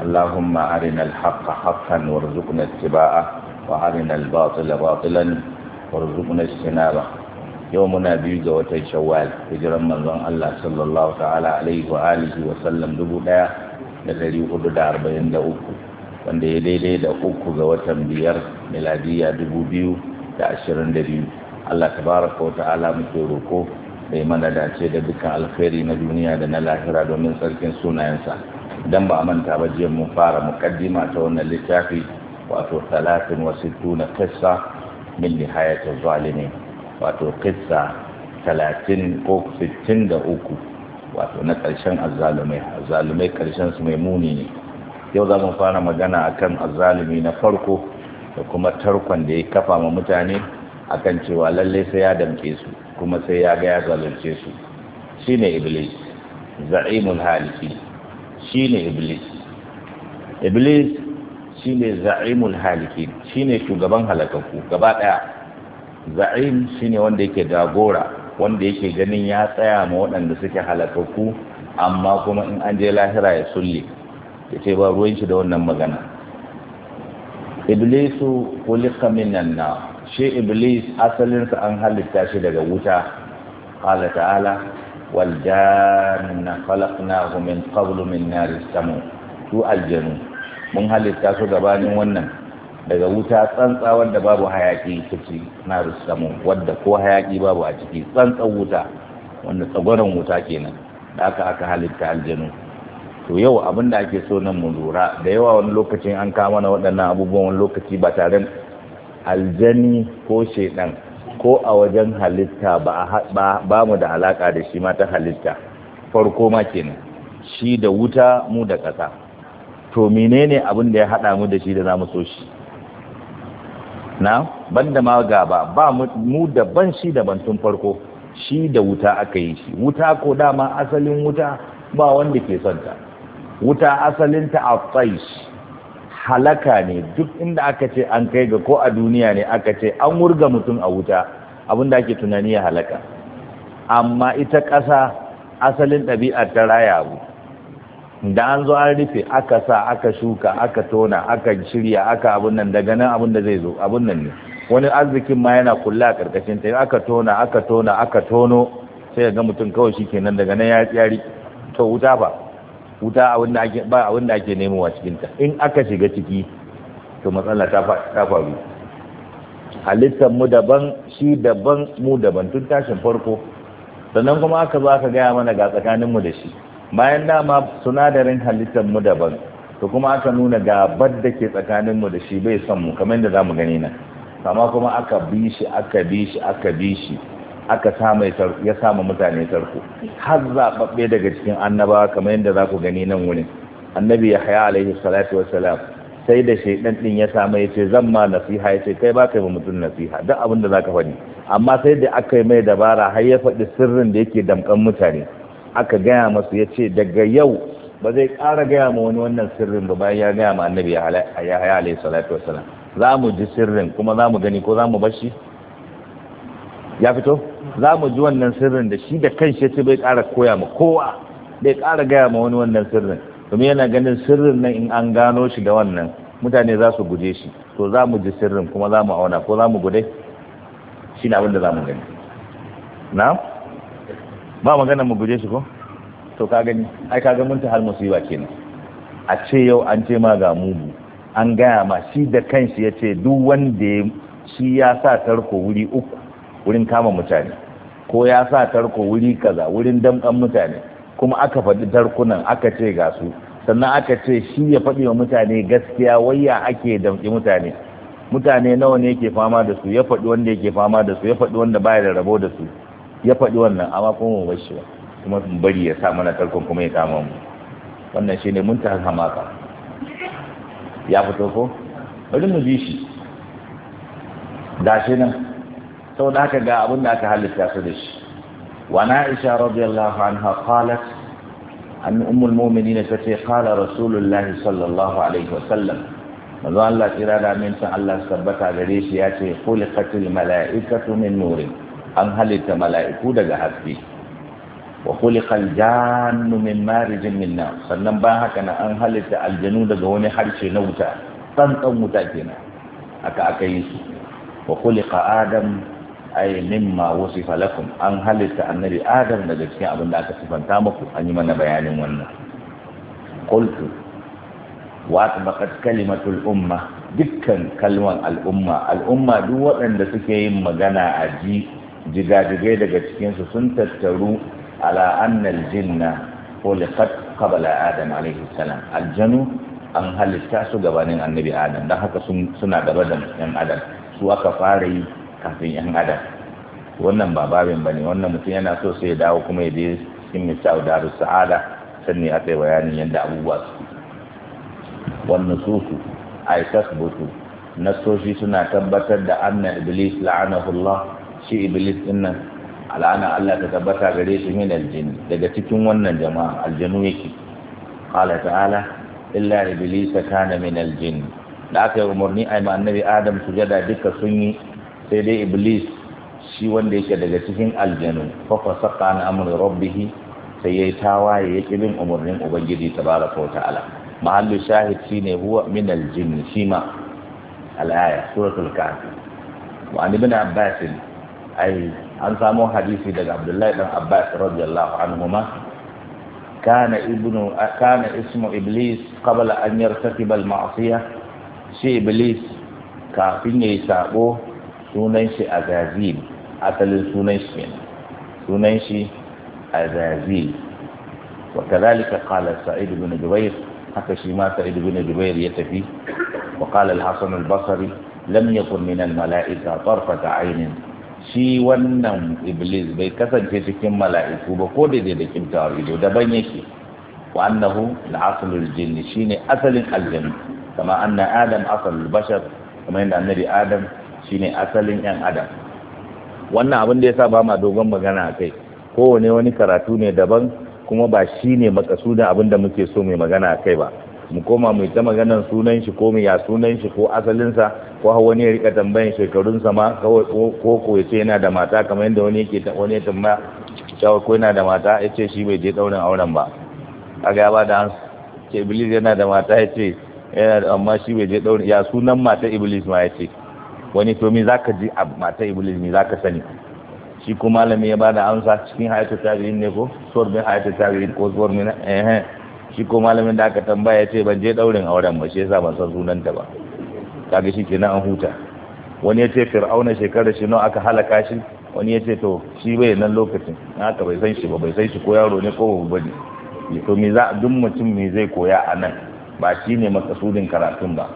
اللهم أرنا الحق حقا وارزقنا اتباعه وأرنا الباطل باطلا وارزقنا اجتنابه يومنا بيجا وتشوال Allah من الله صلى الله تعالى عليه وآله وسلم دبودا الذي قد دار بين دعوكم wanda ya daidai da uku ga watan biyar miladiya dubu biyu da ashirin da biyu Allah tabaraka wa ta'ala muke roko da mana dace da dukkan alkhairi na duniya da na lahira domin tsarkin sunayensa idan ba a manta ba jiya mun fara muqaddima ta wannan littafi wato talatin qissa min az zalimin wato qissa talatin ko sittin da uku wato na ƙarshen azalumai zalimai ƙarshen su mai muni ne yau za mu fara magana akan azzalumi na farko da kuma tarkon da ya kafa ma mutane akan cewa lalle sai ya damke su kuma sai ya ga ya zalunce su shine iblis za'imul halikin shine iblis iblis shine za'imul halikin shine shugaban halakaku gaba daya za'im shine wanda yake jagora wanda yake ganin ya tsaya ma waɗanda suke halakaku amma kuma in an je lahira ya sulli ya ce ba ruwan shi da wannan magana iblisu kulika minan na shi iblis asalinsa an halitta shi daga wuta qala ta'ala waljanna khalaqnahu min qablu min nari samu su aljanu mun halitta su gabanin wannan daga wuta tsantsa wanda babu hayaki kici nari samu wanda ko hayaki babu a ciki tsantsa wuta wanda tsagoran wuta kenan da aka aka halitta aljanu to yau abin da ake so nan mu lura da yawa wani lokacin an kama na waɗannan abubuwan lokaci ba tare aljani ko shaidan ko a wajen halitta ba mu da alaƙa da shi ma ta halitta farko ma ne shi da wuta mu da ƙasa to menene abin da ya haɗa mu da shi da za mu so shi na banda ma ga ba mu daban shi daban tun farko shi da wuta aka yi shi wuta ko dama asalin wuta ba wanda ke son ta wuta asalinta a tsaish halaka ne duk inda aka ce an kai ga ko a duniya ne aka ce an wurga mutum a wuta abin ake tunani ya halaka amma ita ƙasa asalin ɗabi'ar ta raya abu da an zo an rufe aka sa aka shuka aka tona aka shirya aka abin nan daga nan abin da zai zo abin nan ne wani arzikin ma yana kulla a ƙarƙashin ta aka tona aka tona aka tono sai ga mutum kawai shi kenan daga nan ya tsari to wuta ba wuta a wanda ake ba abin cikinta in aka shiga ciki to matsala ta faru halittar mu daban shi daban mu daban tun tashin farko sannan kuma aka zo aka gaya mana ga tsakanin mu da shi bayan dama sunadarin halittar mu daban to kuma aka nuna gabar da ke tsakaninmu da shi bai son mu kamar yadda mu gani na amma kuma aka bi shi aka bi shi aka bi shi aka sama ya sama mutane tarko har zaɓaɓɓe daga cikin annabawa kamar yadda za ku gani nan wurin annabi ya haya alaihi salatu wasalam sai da shaidan din ya samu ya ce zan ma nasiha ya ce kai ba kai ma mutum nasiha duk abin da zaka faɗi amma sai da aka yi mai dabara har ya faɗi sirrin da yake damkan mutane aka gaya masu ya ce daga yau ba zai ƙara gaya ma wani wannan sirrin ba bayan ya gaya ma annabi ya haya alaihi salatu wasalam za mu ji sirrin kuma za mu gani ko za mu bar shi ya fito za mu ji wannan sirrin da shi da kanshi ce bai ƙara koya ma kowa bai ƙara gaya ma wani wannan sirrin domin yana ganin sirrin nan in an gano shi da wannan mutane za su guje shi to za mu ji sirrin kuma za mu auna ko za mu gude shi ne abin da za mu gani na ba magana mu guje shi ko to ka gani ai ka ga munta hal musiba kenan a ce yau an ce ma ga mugu an gaya ma shi da kanshi ya ce duk wanda shi ya sa tarko wuri uku wurin kama mutane ko ya sa tarko wuri kaza wurin damkan mutane kuma aka faɗi tarkunan aka ce ga su sannan aka ce shi ya faɗi wa mutane gaskiya waya ake damƙi mutane mutane nawa ne yake fama da su ya faɗi wanda yake fama da su ya faɗi wanda baya da rabo da su ya faɗi wannan amma kuma mu bashi ba kuma mu bari ya sa mana tarkon kuma ya kama mu wannan shine mun ta hamaka ya fito ko bari mu ji shi da shi nan saboda haka ga abin da aka halitta su da shi wa na isha radiyallahu anha qalat an ummul mu'minin ta ce qala rasulullah sallallahu alaihi wasallam manzo Allah kira da min san Allah sabbata gare shi ya ce khuliqatil mala'ikatu min nurin an halitta mala'iku daga haske wa khuliqal jannu min marijin min nar sannan ba haka na an halitta aljanu daga wani harshe na wuta tsantsan wuta kenan aka aka yi su wa khuliqa adam ay mimma wasifa lakum an halitta annabi adam daga cikin abin da aka sifanta muku an yi mana bayanin wannan qultu wa tabaqat kalimatul umma dukkan kalmar al'umma al'umma duk waɗanda suke yin magana a ji jigajigai daga cikinsu sun tattaru ala annal jinna khuliqat qabla adam alayhi salam aljanu an halitta su gabanin annabi adam dan haka suna gaba da yan adam su aka fara yi kafin yan adam wannan ba babin ba ne wannan mutum yana so sai ya dawo kuma ya je cikin misal daru sa'ada sannan ya bayanin yadda abubuwa su wannan a ai tasbutu nasoshi suna tabbatar da anna iblis la'anahullah shi iblis dinnan al'ana Allah ta tabbata gare shi min aljin daga cikin wannan jama'a aljanu yake qala ta'ala illa iblis kana min aljin da aka yi umarni ai ma annabi adam sujada duka sun yi sai dai iblis shi wanda yake daga cikin aljanu fa fasaqa na amri rabbih sai ya yi tawaye ya bin umurnin ubangiji ta tabaraka wa ta'ala mahallu shahid shine huwa min aljin shima al-aya suratul kahf wa an ibn abbas ai an samu hadisi daga abdullahi dan abbas radiyallahu anhuma kana ibnu kana ismu iblis qabla an yartakiba al-ma'siyah shi iblis kafin ya yi sabo sunan shi azazil asalin sunan shi ne sunan shi azazil wa kadhalika qala sa'id ibn jubair haka shi ma sa'id ibn jubair ya tafi wa qala al-hasan al-basri lam yakun min al-mala'ika tarfata aynin shi wannan iblis bai kasance cikin mala'iku ba ko daidai da kimtawar ido daban yake wa annahu al-asl al-jinn shine asalin aljanna kama anna adam asal al-bashar kama inda annabi adam ne asalin yan adam wannan abin da ya sa ba ma dogon magana a kai kowane wani karatu ne daban kuma ba shi shine makasudin abin da muke so mai magana a kai ba mu koma mu ta maganan sunan shi ko ya sunan shi ko asalinsa ko wani ya rika tambayin shekarunsa ma ko ko ya ce yana da mata kamar yadda wani yake wani ya tambaya cewa ko yana da mata ya ce shi bai je ɗaurin auren ba a ga ba da hansu ce iblis yana da mata ya ce yana eh, da amma shi bai je ɗaurin ya sunan mata iblis ma ya ce wani to za ka ji a mata iblis za ka sani shi kuma malami ya bada amsa cikin hayatu tabi'in ne ko suwar bin hayatu tabi'in ko suwar min eh shi ko malamin da aka tambaya ya ce ban je daurin auren ba shi yasa ban san sunanta ba kaga shi kenan an huta wani ya ce fir'auna shekarar shi nawa aka halaka shi wani ya ce to shi bai nan lokacin na haka bai san shi ba bai san shi ko yaro ne ko babu bane to me za duk mutum me zai koya a nan ba ne makasudin karatun ba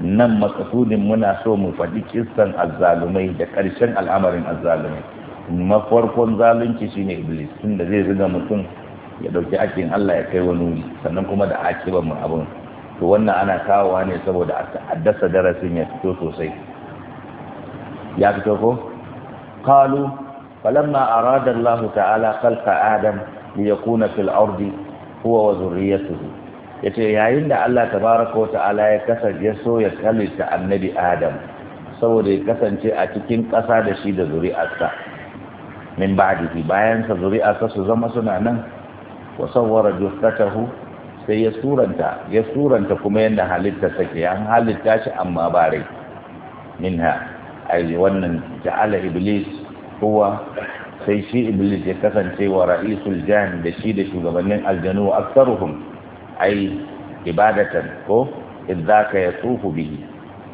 nan makasudin muna so mu faɗi kissan azzalumai da ƙarshen al'amarin azzalumai mafarkon zalunci shine iblis tun da zai zuga mutum ya ɗauki akin Allah ya kai wani wuri sannan kuma da akiban mu abun to wannan ana kawowa ne saboda a dasa darasin ya fito sosai ya fito ko qalu falamma arada Allah ta'ala khalqa adam liyakuna fil ardi huwa wa zurriyyatuhu yace yayin da Allah ta wa ta'ala ya kasance ya so ya kalita annabi Adam saboda ya kasance a cikin ƙasa da shi da zuri'arsa min ba'dihi bayan sa zuri'arsa su zama suna nan wa sawwara juftatahu sai ya suranta ya suranta kuma yanda halitta sake an halitta shi amma ba rai minha ai wannan ja'ala iblis huwa sai shi iblis ya kasance wa ra'isul jan da shi da shugabannin aljanu aksaruhum ai ibadatan ko in zaka ya tsufu bihi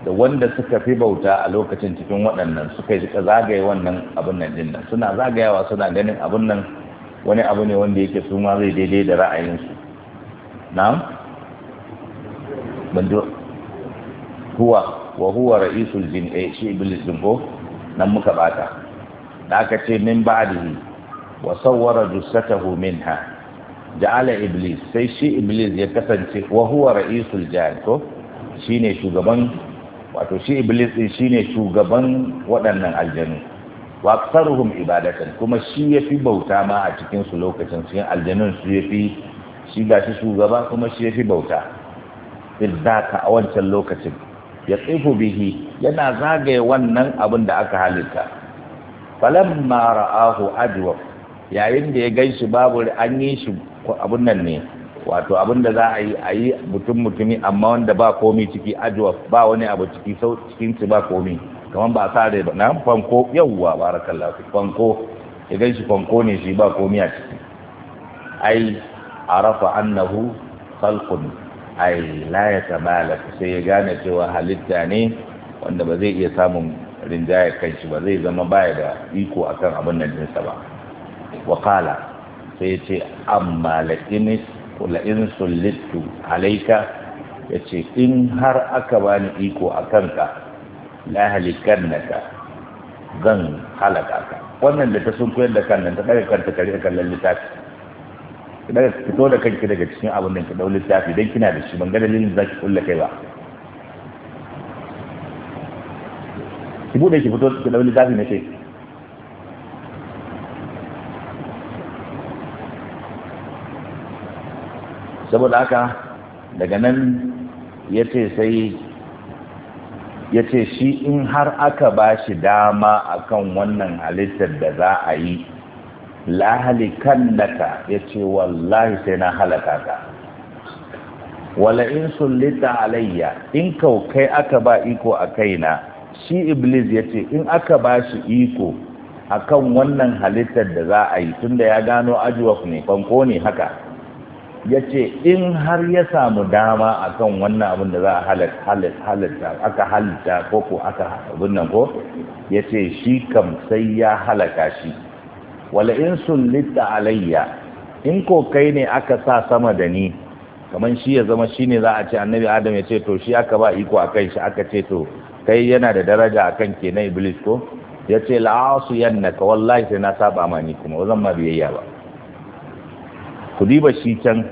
da wanda suka fi bauta a lokacin cikin waɗannan suka yi suka zagaye wannan abin nan din suna zagayawa suna ganin abin nan wani abu ne wanda yake su ma zai daidai da ra'ayinsu na'am bandu huwa wa huwa ra'isul jin eh shi iblis din ko nan muka bata da aka ce min ba'dihi wa sawwara jussatahu minha ja'ala iblis sai shi iblis ya kasance wa huwa ra'isul jahl ko shine shugaban wato shi iblis din shine shugaban waɗannan aljanu wa aktsaruhum ibadatan kuma shi ya fi bauta ma a cikin su lokacin cikin aljanun su fi shi shi shugaba kuma shi ya fi bauta fil zaka a wancan lokacin ya tsifu bihi yana zagaye wannan abin da aka halitta falamma ra'ahu ajwa yayin da ya ganshi babu an yi shi abun nan ne wato abun da za a yi a yi mutum mutumi amma wanda ba komi ciki ajuwa ba wani abu ciki sau cikin ci ba komi kamar ba a sa da na fanko yawwa barakallahu fi fanko idan shi fanko ne shi ba komi a ciki ai arafa annahu khalqun ai la tabala sai ya gane cewa halitta ne wanda ba zai iya samun rinjaya kanshi ba zai zama baya da iko akan abin nan sa ba wa qala sai ya ce amma la'inis la'in sullittu alaika ya ce in har aka ba ni iko a kanka la halikan naka zan halaka ka wannan da ta sun koyar da kan nan ta daga kanta kare kallon littafi daga fito da kanki daga cikin abin da ka dau littafi don kina da shi ban ga dalilin da ki kulla kai ba ki bude ki fito ki dau littafi na shi saboda haka daga nan ya ce sai ya ce shi in har aka ba shi dama akan wannan halittar da za a yi lahalikan daga ya ce wallahi sai na halaka ka wala in sullita alayya in kai aka ba iko a kaina shi iblis ya ce in aka ba shi iko akan wannan halittar da za a yi tunda ya gano ajiwa ne fanko ne haka ya ce in har ya samu dama akan wannan abin da za a halitta aka halitta ko ko aka abin nan ko ya ce shi kam sai ya halaka shi wala in sun litta alayya in ko kai ne aka sa sama da ni kamar shi ya zama shi ne za a ce annabi adam ya ce to shi aka ba iko a kai shi aka ce to kai yana da daraja a kan ke na iblis ko ya ce la'asu yannaka wallahi sai na saba ma ni kuma zan ma biyayya ba ku diba shi can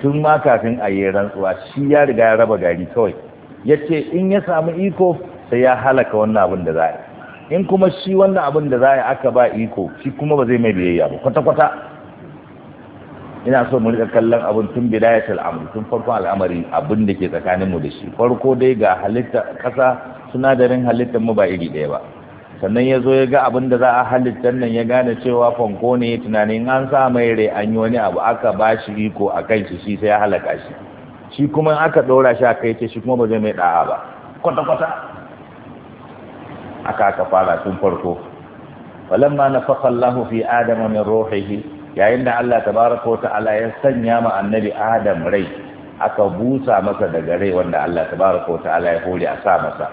tun ma kafin a yi rantsuwa shi ya riga ya raba gari kawai ya ce in ya samu iko sai ya halaka wannan abin da za a in kuma shi wannan abin da za a aka ba iko shi kuma ba zai mai biyayya ba kwata-kwata ina so mu rika kallon abin tun bidayatul amr tun farkon al'amari abin da ke tsakanin mu da shi farko dai ga halitta kasa sinadarin halittar mu ba iri ɗaya ba sannan ya zo ya ga abin da za a halittar nan ya gane cewa fanko ne tunanin an sa mai rai an yi wani abu aka ba shi iko a kan shi sai ya halaka shi shi kuma aka ɗora shi a kai shi kuma ba zai mai ɗa'a ba kwata-kwata aka aka fara tun farko ma na fakallahu fi adama min rohihi yayin da Allah tabaraka wa ta'ala ya sanya ma annabi adam rai aka busa masa daga rai wanda Allah tabaraka wa ta'ala ya hore a sa masa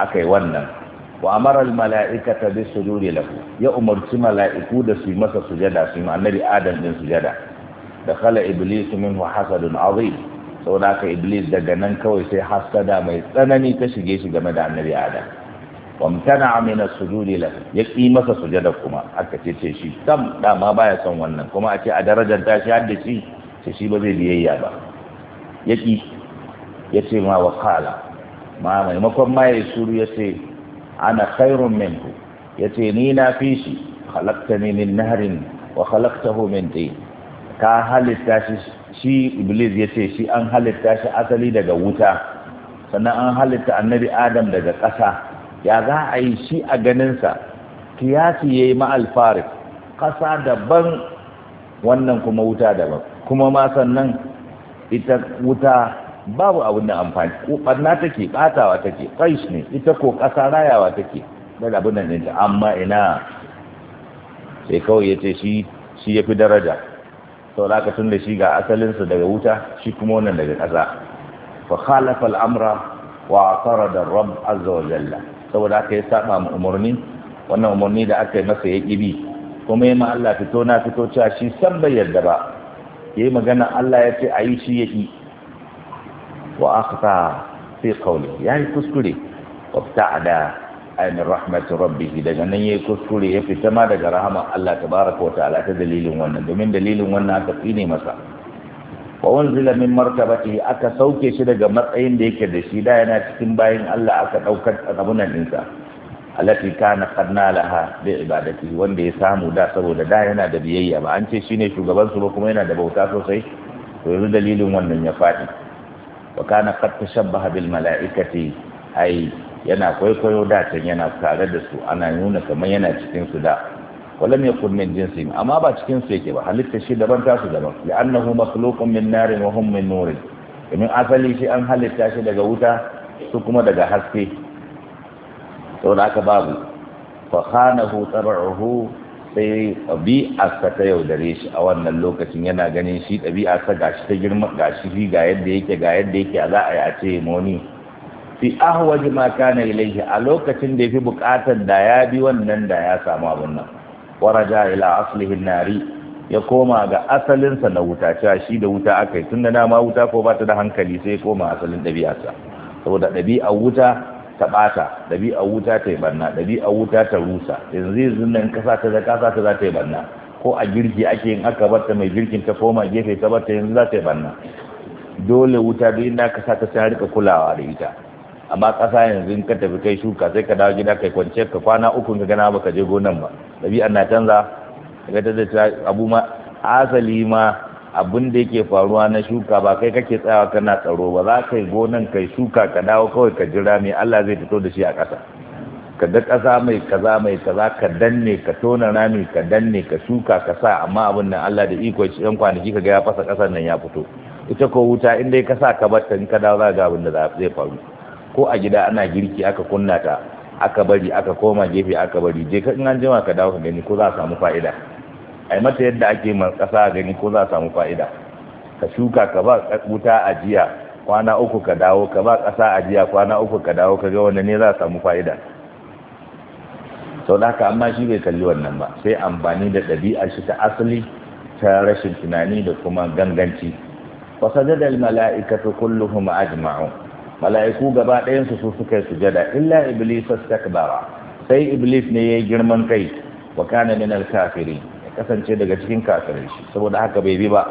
aka yi wannan wa amara almalaikata bi sujudi lahu ya umarci mala'iku da su masa sujada su annabi adam din sujada da khala iblis minhu hasadun azim saboda iblis daga nan kawai sai hasada mai tsanani ta shige shi game da annabi adam wamtana min as-sujudi lahu ya ki masa sujada kuma aka ce ce shi kam dama baya son wannan kuma a ce a darajar tashi har da shi ce shi ba zai biyayya ba ya ki ya ce ma wa kala ma maimakon ma ya suru ya ce ana khairun minhu yace ni na fi shi khalaqtani min naharin wa khalaqtahu min tin ka halitta shi shi iblis yace shi an halitta shi asali daga wuta sannan an halitta annabi adam daga ƙasa ya za a yi shi a ganinsa kiyasi ya yi ma'alfarik ƙasa daban wannan kuma wuta daban kuma ma sannan ita wuta babu abin da amfani ko take batawa take qais ne ita ko kasa rayawa take da abin nan amma ina sai kawai ya ce shi ya fi daraja sau da tun da shi ga asalinsa daga wuta shi kuma wannan daga ƙasa fa khalafa amra wa da rab azza wa jalla saboda aka yi saba mu umarni wannan umarni da aka yi masa ya kibi kuma yi ma Allah fito na fito cewa shi san bai yarda ba ya magana Allah ya ce a yi shi ya wa akhta fi qawli yayi kuskure wabta'ada an rahmat rabbih daga nan yayi kuskure ya fita ma daga rahama Allah tabaaraka wa ta'ala ta dalilin wannan domin dalilin wannan aka ne masa wa unzila min martabatihi aka sauke shi daga matsayin da yake da shi da yana cikin bayin Allah aka daukar abunan dinsa allati kana qadna laha bi ibadati wanda ya samu da saboda da yana da biyayya ba an ce shine shugaban su ba kuma yana da bauta sosai to yanzu dalilin wannan ya fadi wa kana qad tashabbaha bil mala'ikati ai yana kwaikwayo da can yana tare da su ana nuna kamar yana cikin su da walam yakun min jinsi amma ba cikin su yake ba halitta shi daban tasu daban li'annahu makhluqun min narin wa hum min nurin domin asali shi an halitta shi daga wuta su kuma daga haske da aka babu fa khanahu tabahu sai ɗabi'arsa ta yaudare shi a wannan lokacin yana ganin shi ɗabi'a ga gashi ta girma gashi shi ga yadda yake ga yadda yake za a yi a ce moni fi ahwaji ma kana ilaihi a lokacin da ya fi buƙatar da ya bi wannan da ya samu abin nan waraja ila aslihin nari ya koma ga asalinsa na wuta cewa shi da wuta aka yi na dama wuta ko ba ta da hankali sai koma asalin ɗabi'arsa saboda ɗabi'ar wuta ta bata ɗabi'a wuta ta yi barna ɗabi'a wuta ta rusa yanzu yanzu nan kasa ta kasa ta za ta yi barna ko a girki ake yin aka barta mai girkin ta koma gefe ta barta yanzu za ta yi barna dole wuta duk inda kasa ta ta rika kulawa da ita amma ƙasa yanzu ka tafi kai shuka sai ka dawo gida kai kwance ka kwana uku ka gana baka je gonan ba ɗabi'a na canza daga ta abu ma asali ma abin da yake faruwa na shuka ba kai kake tsayawa kana tsaro ba za ka yi gonan kai shuka ka dawo kawai ka jira mai Allah zai fito da shi a ƙasa ka da ƙasa mai kaza mai kaza ka danne ka tona rami ka danne ka shuka ka sa amma abin nan Allah da iko shi ɗan kwanaki ka ga ya fasa ƙasar nan ya fito ita ko wuta in dai ka sa ka bar ta in ka dawo za ka ga abin da zai faru ko a gida ana girki aka kunna ta aka bari aka koma gefe aka bari je ka in an jima ka dawo ka gani ko za a samu fa'ida ai mata yadda ake man kasa gani ko za a samu fa'ida ka shuka ka ba wuta ajiya kwana uku ka dawo ka ba kasa ajiya kwana uku ka dawo ka ga wanda ne za a samu fa'ida sau da haka amma shi bai kalli wannan ba sai amfani da ɗabi'ar shi ta asali ta rashin tunani da kuma ganganci wasajada almala'ikatu kulluhum ajma'u mala'iku gaba ɗayan su suka yi sujada illa iblis astakbara sai iblis ne yi girman kai wa kana min al-kafirin kasance daga cikin kafirai shi saboda haka bai bi ba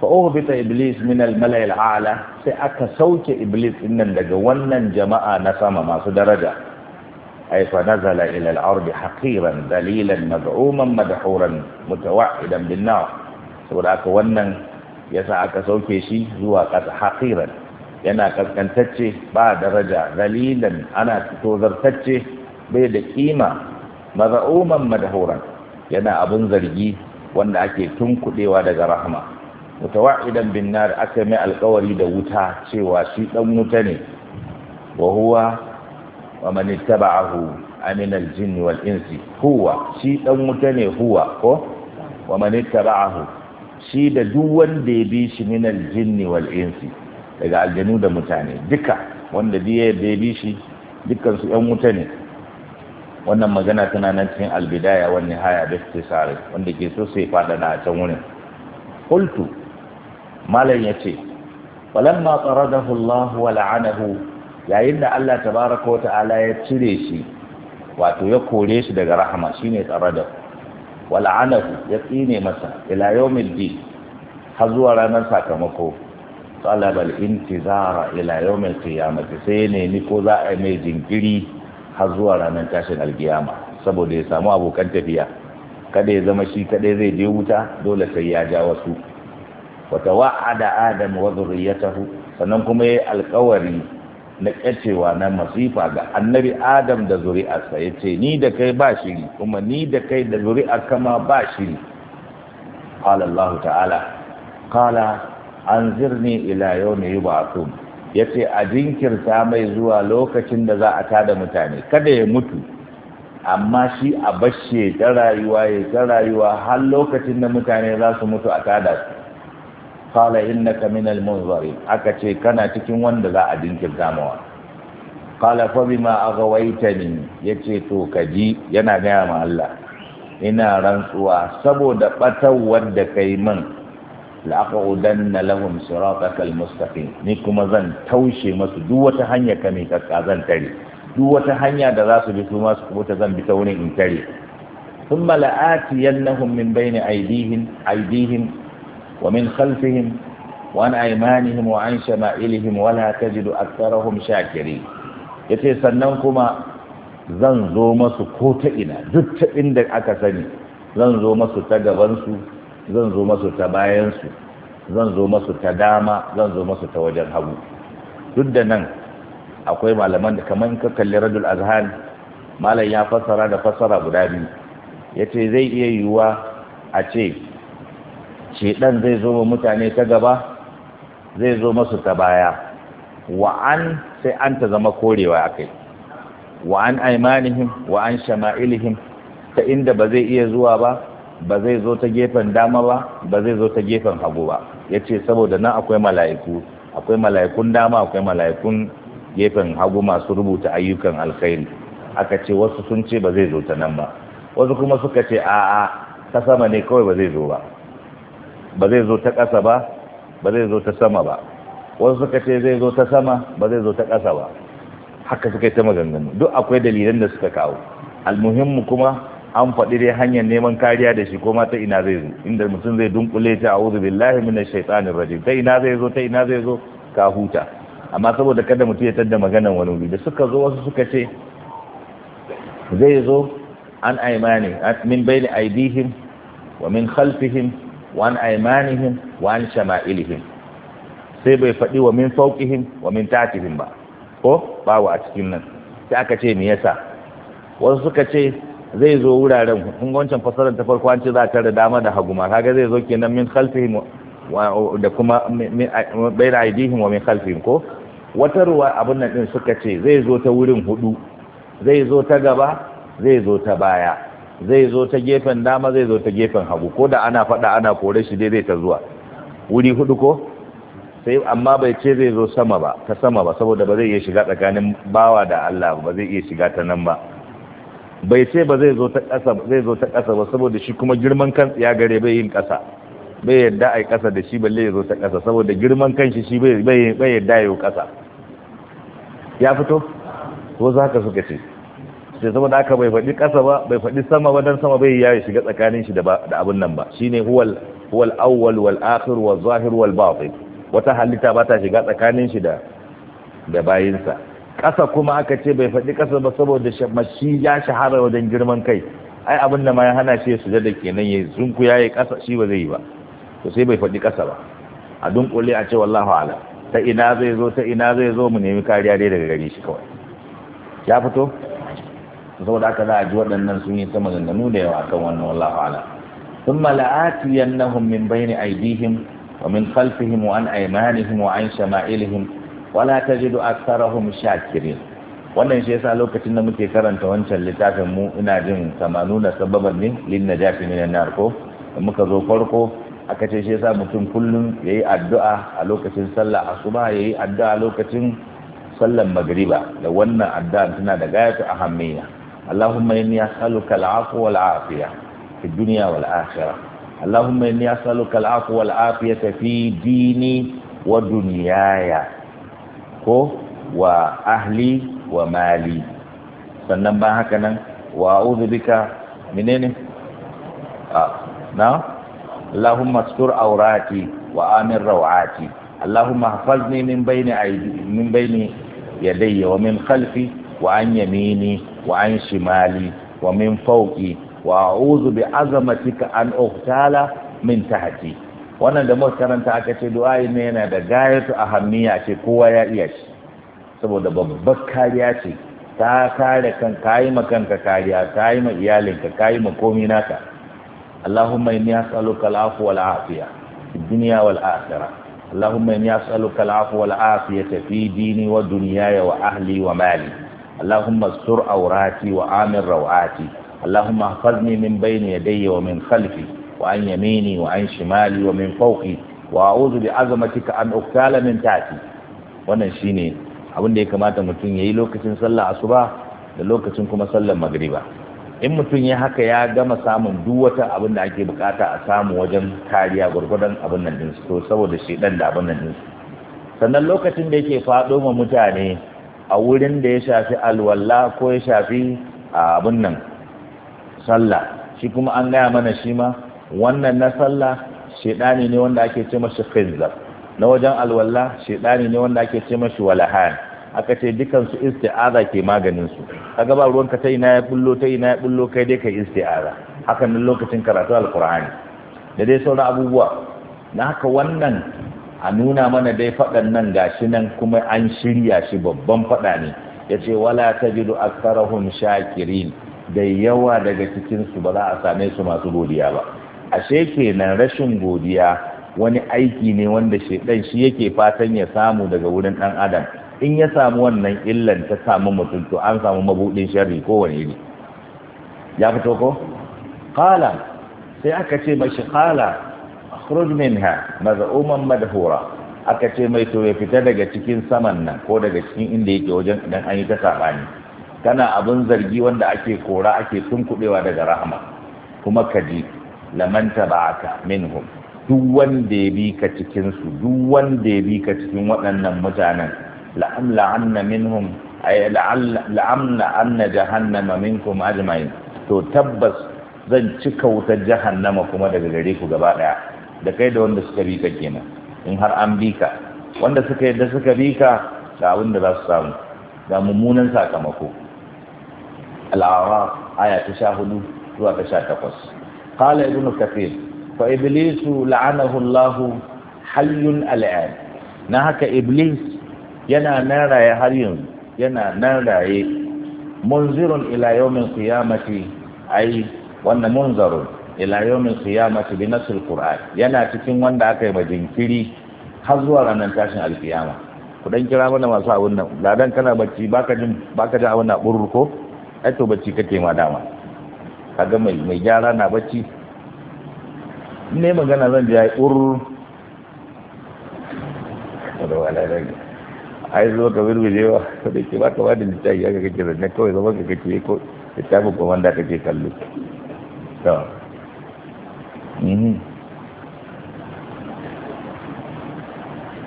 fa uhbita iblis min al mala'il a'la sai aka sauke iblis din daga wannan jama'a na sama masu daraja ay fa nazala ila al ard haqiran dalilan mad'uman madhuran mutawahidan bin nar saboda haka wannan yasa aka sauke shi zuwa kasa haqiran yana kaskantacce ba daraja dalilan ana tozartacce bai da kima mad'uman madhuran yana abin zargi wanda ake tunkuɗewa daga rahama mutawa'idan bin nar aka mai alkawari da wuta cewa shi dan wuta ne wa huwa wa man ittaba'ahu amina al-jinni wal insi huwa shi dan wuta ne huwa ko wa man ittaba'ahu shi da duk wanda ya bi shi min al-jinni wal insi daga aljanu da mutane duka wanda biye da ya bi shi dukkan su yan wuta ne wannan magana tana nan cikin albidaya wa nihaya da sare, wanda ke so sai fadada a can wurin qultu malam yace walamma qaradahu Allah wa la'anahu yayin da Allah tabaraka wa ta'ala ya cire shi wato ya kore shi daga rahama shine qarada wa la'anahu ya tsine masa ila yawmiddin har zuwa ranar sakamako talabal intizara ila yawmil qiyamati sai ne ni ko za a mai jinkiri har zuwa ranar tashin alkiyama saboda ya samu abokan tafiya kada ya zama shi kadai zai je wuta dole sai ya ja wasu wata wa'ada adam wa zurriyatahu sannan kuma yayi alkawari na kacewa na masifa ga annabi adam da zuri'arsa yace ni da kai ba shiri kuma ni da kai da zuri'ar kama ba shiri qala allah ta'ala qala anzirni ila yawmi yub'athun ya ce a jinkirta mai zuwa lokacin da za a tada mutane kada ya mutu amma shi a bashe ta rayuwa ya ta rayuwa har lokacin da mutane za su mutu a tada su in na minal munzari aka ce kana cikin wanda za a jinkirta mawa fala fa bima ya yace to kaji yana gaya ma Allah ina rantsuwa saboda batawar da kai min la'aqudanna lahum siratakal mustaqim ni kuma zan taushe masu duk wata hanya ka mai zan tare duk wata hanya da za su bi su masu kubuta zan bi ta wurin in tare thumma la'atiyannahum min bayni aydihim aydihim wa min khalfihim wa an aymanihim wa an shama'ilihim wa la tajidu aktharahum shakirin yace sannan kuma zan zo masu ko ta ina duk ta inda aka sani zan zo masu ta gaban su zan zo masu ta bayansu zan zo masu ta dama zan zo masu ta wajen hagu duk da nan akwai malaman da kamar ka kalli radul azhan malam ya fassara da fassara guda biyu ya ce zai iya yiwuwa a ce dan zai zo wa mutane ta gaba zai zo masu ta baya wa'an sai an ta zama korewa kai wa'an aimanihim wa'an shama'ilihim ta inda ba zai iya zuwa ba ba zai zo ta gefen dama ba ba zai zo ta gefen hagu ba ya ce saboda nan akwai mala'iku akwai mala'ikun dama akwai mala'ikun gefen hagu masu rubuta ayyukan alkhairi aka ce wasu sun ce ba zai zo ta nan ba wasu kuma suka ce a'a ta sama ne kawai ba zai zo ba ba zai zo ta ƙasa ba ba zai zo ta sama ba wasu suka ce zai zo ta sama ba zai zo ta ƙasa ba haka suka yi ta maganganu duk akwai dalilan da suka kawo almuhimmu kuma an faɗi dai hanyar neman kariya da shi ma ta ina zai zo inda mutum zai dunkule ta a wuzu billahi minash shaitani rajim ta ina zai zo ta ina zai zo ka huta amma saboda kada mutum ya tada maganar wani wuri da suka zo wasu suka ce zai zo an aimani min bayni aidihim wa min khalfihim wa an aimanihim wa an shama'ilihim sai bai faɗi wa min fawqihim wa min tatihim ba ko bawa a cikin nan sai aka ce me yasa wasu suka ce zai zo wuraren kun wancan fasarar ta farko an ce za ta da dama da haguma kaga zai zo kenan min khalfihim da kuma bayna aidihim wa min khalfihim ko wata ruwa abin nan din suka ce zai zo ta wurin hudu zai zo ta gaba zai zo ta baya zai zo ta gefen dama zai zo ta gefen hagu ko da ana fada ana kore shi dai zai ta zuwa wuri hudu ko sai amma bai ce zai zo sama ba ta sama ba saboda ba zai iya shiga tsakanin bawa da Allah ba zai iya shiga ta nan ba bai ce ba zai zo ta ƙasa zai zo ta ƙasa ba saboda shi kuma girman kan ya gare bai yin ƙasa bai yadda ai ƙasa da shi balle ya zo ta ƙasa saboda girman kan shi bai bai yadda ya yi ƙasa ya fito ko za ka suka ce sai saboda aka bai faɗi ƙasa ba bai faɗi sama ba dan sama bai ya shiga tsakanin shi da abin nan ba shine huwal huwal awwal wal akhir wal zahir wal batin wata halitta ba ta shiga tsakanin shi da da bayinsa ƙasa kuma aka ce bai faɗi ƙasa ba saboda mashi ya shahara wajen girman kai ai abin da ma ya hana shi ya sujada kenan ya zunku ya yi ƙasa shi ba zai yi ba to sai bai faɗi ƙasa ba a dunkule a ce wallahu ala ta ina zai zo ta ina zai zo mu nemi kariya dai daga gare shi kawai ya fito saboda aka za a ji waɗannan sun yi sama da da yawa akan wannan wallahu ala sun mala'ati yannahum min bayni aidihim wa min khalfihim wa an aymanihim wa an shama'ilihim wala tajidu aktharahum shakirin wannan shi yasa lokacin da muke karanta wancan littafin mu ina jin samanuna sababar ne lin najati minan nar ko da muka zo farko aka ce shi yasa mutum kullum yayi addu'a a lokacin sallah asuba yayi addu'a lokacin sallan magriba da wannan addu'a tana da gayatu ahammiya Allahumma inni as'aluka al wal-'afiya fi dunya wal-akhirah Allahumma inni as'aluka al wal afiya fi dini wa dunyaya ko wa ahli wa mali sannan ba haka nan wa a'udhu bika menene ah na Allahumma astur awrati wa amir rawati Allahumma hafizni min bayni aydi min bayni yadayya wa min khalfi wa an yamini wa an shimali wa min fawqi wa a'udhu bi azamatika an uhtala min tahti wannan da muka karanta aka ce du'a'i ne yana da gayatu ahammiya ce kowa ya iya shi saboda babbar kariya ce ta kare kan kayi ma kanka kariya ta yi ma iyalinka ka yi ma komi naka Allahumma inni as'aluka al'afu wal afiya fid dunya wal akhirah Allahumma inni as'aluka al'afu wal afiyata fi dini wa dunyaya wa ahli wa mali Allahumma sur awrati wa amir rawati Allahumma ihfazni min bayni yadayya wa min khalfi وعن يميني وعن شمالي ومن فوقي واعوذ بعظمتك ان أغتال من تحتي wannan shine abin da ya kamata mutum yayi lokacin sallah asuba da lokacin kuma sallar magriba in mutum ya haka ya gama samun duk wata abin da ake bukata a samu wajen kariya gurgurdan abin nan din to saboda shedan da abin nan din sannan lokacin da yake fado ma mutane a wurin da ya shafi alwala ko ya shafi abin nan sallah shi kuma an gaya mana shi ma wannan na salla shedani ne wanda ake ce mashi na wajen alwala shedani ne wanda ake ce mashi walahan aka ce dukan su isti'aza ke maganin su kaga ba ruwanka ta ina ya bullo ta ina ya bullo kai dai kai isti'aza Haka nan lokacin karatu alqur'ani da dai sauran abubuwa na haka wannan a nuna mana dai faɗan nan gashi nan kuma an shirya shi babban faɗa ne yace ce wala tajidu aktsarahum shakirin da yawa daga cikin su ba za a same su masu godiya ba ashe kenan rashin godiya wani aiki ne wanda shedan shi yake fatan ya samu daga wurin dan adam in ya samu wannan illan ta samu mutum to an samu mabudin sharri wani ne ya fito ko qala sai aka ce mashi qala akhruj minha mad'uman madhura aka ce mai to ya fita daga cikin saman nan ko daga cikin inda yake wajen idan an yi ta sabani kana abin zargi wanda ake kora ake tunkuɗewa daga rahama kuma kaji laman taba'aka minhum duk wanda ya bi ka cikin su duk wanda ya bi ka cikin waɗannan mutanen la'amla anna minhum ay la'amna anna jahannama minkum ajma'in to tabbas zan cika wutar jahannama kuma daga gare ku gaba daya da kai da wanda suka bi ka kenan in har an bi ka wanda suka yadda suka bi ka da abin da za su samu da mummunan sakamako al'awa aya ta sha hudu zuwa ta sha takwas qala ibnu kafir fa iblisu la'anahu allah hayyun al'an na haka iblis yana naraye raye har yanzu yana naraye munzirun ila yawmin qiyamati ai wannan munzarun ila yawmin bi yana cikin wanda aka yi majinkiri har zuwa ranar tashin alkiyama ku dan kira mana masu abun nan dan kana bacci baka jin baka ji abun na burru ai to bacci kake ma dama kaga mai mai gyara na bacci ne magana zan ji ai ur da wala rage ai zo ka birguje wa da ke ba ka bada littafi ga kake ne kawai zama ka kake ko tafi kuma da kake kallo to mhm.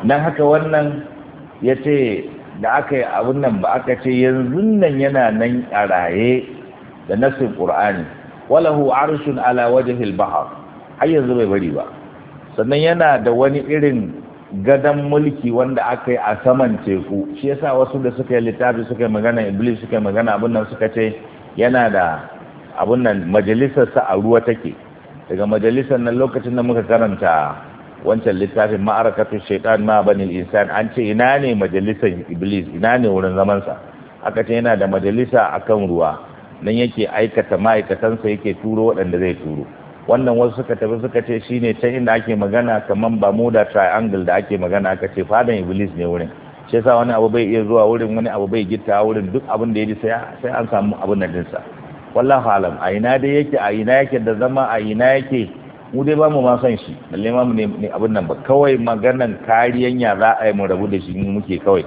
dan haka wannan ya ce da aka yi abun nan ba aka ce yanzu nan yana nan a raye da nasin qur'ani walahu arshun ala wajhil bahr har yanzu bai bari ba sannan yana da wani irin gadan mulki wanda aka yi a saman teku shi yasa wasu da suka yi littafi suka yi magana iblis suka yi magana abun nan suka ce yana da abun nan majalisarsa a ruwa take daga majalisar nan lokacin da muka karanta wancan littafin ma'arakatu shaitan ma banil insan an ce ina ne majalisar iblis ina ne wurin zamansa aka ce yana da majalisa akan ruwa nan yake aikata ma'aikatansa yake turo waɗanda zai turo wannan wasu suka tafi suka ce shine can inda ake magana kamar ba da triangle da ake magana aka ce fadan iblis ne wurin shi yasa wani abu bai iya zuwa wurin wani abu bai gita wurin duk abin da ya ji sai an samu abin da dinsa wallahi alam a ina dai yake a ina yake da zama a ina yake mu dai ba mu ma son shi lalle ma ne abin nan ba kawai maganan kariyan ya za a yi mu rabu da shi mu muke kawai